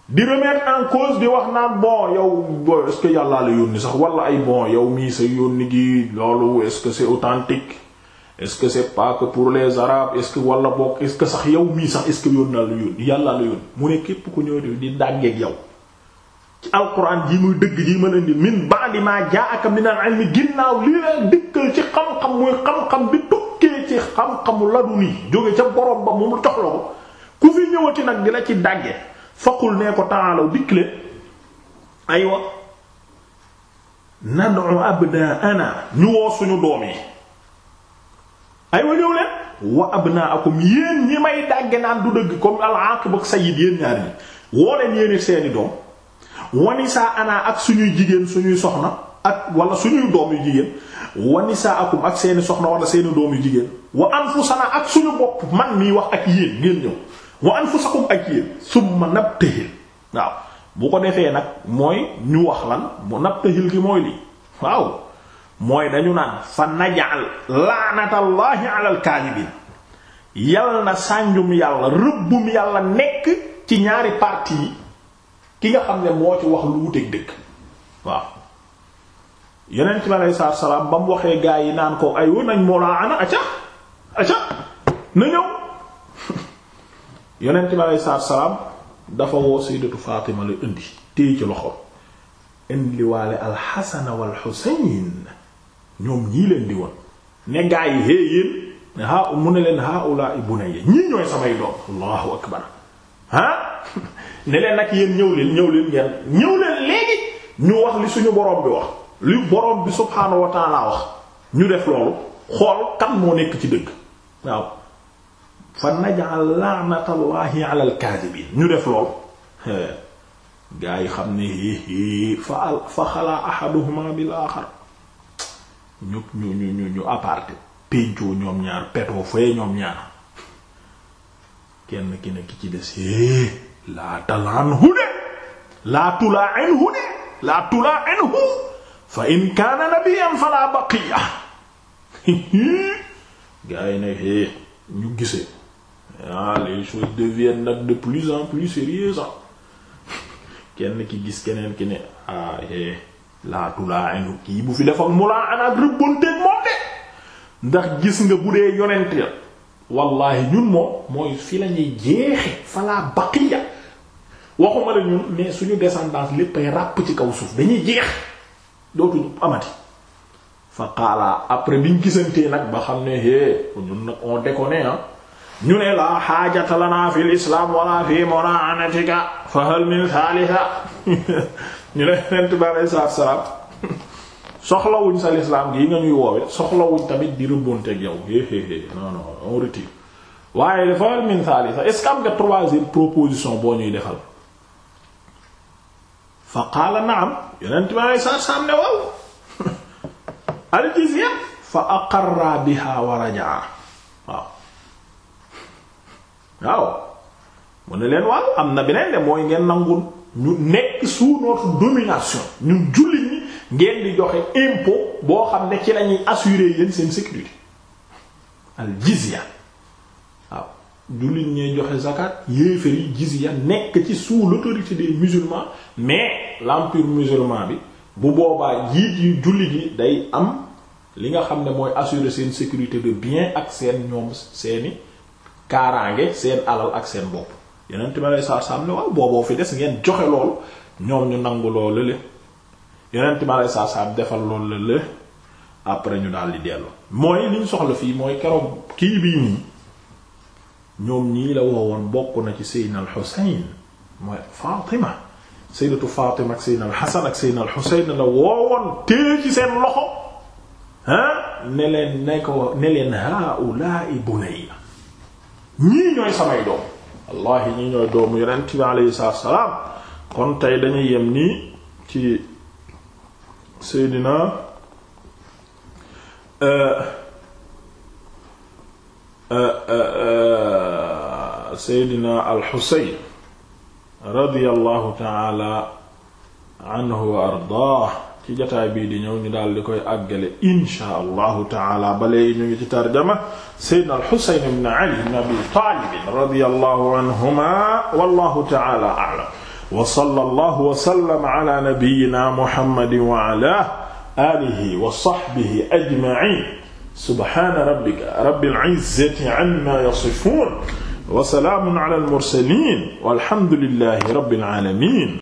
di remettre en cause di wax naan bon yow bon est-ce que yàllaa la yónni sax wala ay bon yow mii sa yónni gi loolu est-ce que c'est authentique est-ce que c'est pas pour les arabes est-ce wala bokk est-ce sax yow mii sax est-ce que yónni la yónni yàllaa la yónni mu ne képp ku ñëw di dàggeeg yow. ci alquran ji muy dëgg ji mën indi min ba'di ma jaa'aka min al-ilmi ginnaaw lii la dikkal ci xam-xam muy xam-xam bi tukkee ci xam-xamu laduni jóge ca borom ba mu jox la ko nag di ci dàgge. faqul ne ko taalaw dikkle aywa nad'u abnaana ñu woo suñu doom yi aywa ñëw leen wa abnaakum yéen ñi may dàgge naan du dëgg comme al-Aaqib ak Sayyid yéen ñaar ñi woo leen yéeni seeni doom wanisaa ana ak suñuy jigéen suñuy soxna ak wala suñuy doom yu jigéen wanisaa akum ak seeni soxna wala seeni doom yu jigéen wa anfusana ak suñu bopp man mii wax ak yéen ngeen ñëw wa anfusakum ak ma summa nabtahil waaw bu ko defee nag mooy ñu wax lan mu nabtahil gi mooy lii waaw mooy dañu naan fa najal laanatallahi ala alkaadibiin yal na sànjum yàlla rëbbum yàlla nekk ci ñaari parti ki nga xam ne moo ci wax lu wuteeg dëkk waaw yeneen ci gaa yi naan ko aywa nañ moo ana aca aca na ñëw yonent bi aleyhi salaatu salaam dafa woo sayyidatu Faatima la indi téye ci loxo indi waale alxasana wal xuseyn ñoom ñii leen di woon ne gaa yi hee yéen mu ne leen haa ulaa bunayya ñii ñooy samay doom allahu akbar ah ne nag yéen ñëw leen ñëw leen ngeen ñëw leen léegi ñu wax li suñu borom bi wax li borom bi subhaanahu wa wax ñu def loolu xool kan moo nekk ci dëgg waaw. fa naj'al la'natallahi 'ala al ñu def lool gaa yi xam ne fa fa xalaa ahaduhuma bil axar ñu ñu ñu ñu aparté pencoo ñoom ñaar petoo fee ñoom ñaar kenn ki ne ki ci des hee laa talaan hu de laa tulaa en hu de laa tulaa en hu fa in kaana nabiyan falaa baqiya gaa yi ne hee ñu gisee ah les choses deviennent nag de plus en plus sérieuses kenn ki gis keneen ki ne ah eh laatu laa kii bu fi defal mu laa anaat rëbbanteeg moom de ndax gis nga bu dee yonent ya wallahi ñun moom mooy fi lañuy jeexe falaa baqiya waxuma la ñun mais suñu descendance léppay ràpp ci kaw suuf dañuy jeex dootuñu amati fa qaala après biñ gisantee nag ba xam ne é eh, ñun nag on déconne ah ñu ne la xaajata lana fi lislaam wala fi muraanatika fa hal min thalitha ñu ne yonent bi aleyhi salaatu salaam soxlawuñ sa lislaam gi nga ñuy woowe soxlawuñ tamit di rëbbonteeg yow ééé non non on retire waaye fa hal min thalitha est-ce que am nga troisième proposition boo ñuy defal fa qaala naam yonent bi aleyhi salaatu salaam ne waaw al fa aqarra biha wa waaw mu ne leen waaw am na beneen de mooy ngeen nangul ñu nekk sous notre domination ñun jullit ñi ngeen di joxe impôt boo xam ne ci lañuy assurer yéen seen sécurité al jizya waaw jullit ñee joxe zakat yéefar yi jizya nekk ci sous l'autorité des musulmans mais l'empire musulman bi bu boobaa jiit yu jullit yi day am li nga xam ne mooy assurer seen sécurité bi bien ak seen ñoom seeni kaaraange seen alal ak seen bopp yeneen ma lay saar saam ne waaw booboo fi des ngeen joxe loolu ñoom ñu nangu loolu le yeneen ma lay saar saam defal loolu le après ñu daal di dellu mooy liñ soxla fii mooy keroog kii bii nii ñoom ñii la woowoon bokk na ci Seydina al-Husayn mooy Fatima Sayyidatu Fatima ak Seydina al ak Seydina al la woowoon téye ci seen loxo ah ne leen ne ne leen haa'ulaa'i bunayya ñii ñooy samay doom wallahi ñii ñooy doomu yonent bi salaam kon tey dañuy yem nii ci seydina euh, euh, euh, seydina alxuseyn radiyallahu taala anhu wa ci jotaay bii di ñëw ñu daal di koy àggale inshaa allahu taala ba léegi ñu ngi ci tarjama sayyidina al-Husayn ibn Ali ibn Abi Talib radiyallahu anhuma wallahu taala a'lam wa sallallahu wa sallama ala nabiyyina Muhammadin wa ala alihi wa sahbihi ajma'in subhana rabbika rabbil izzati amma yasifun wa salamun ala al-mursalin walhamdulillahi rabbil alamin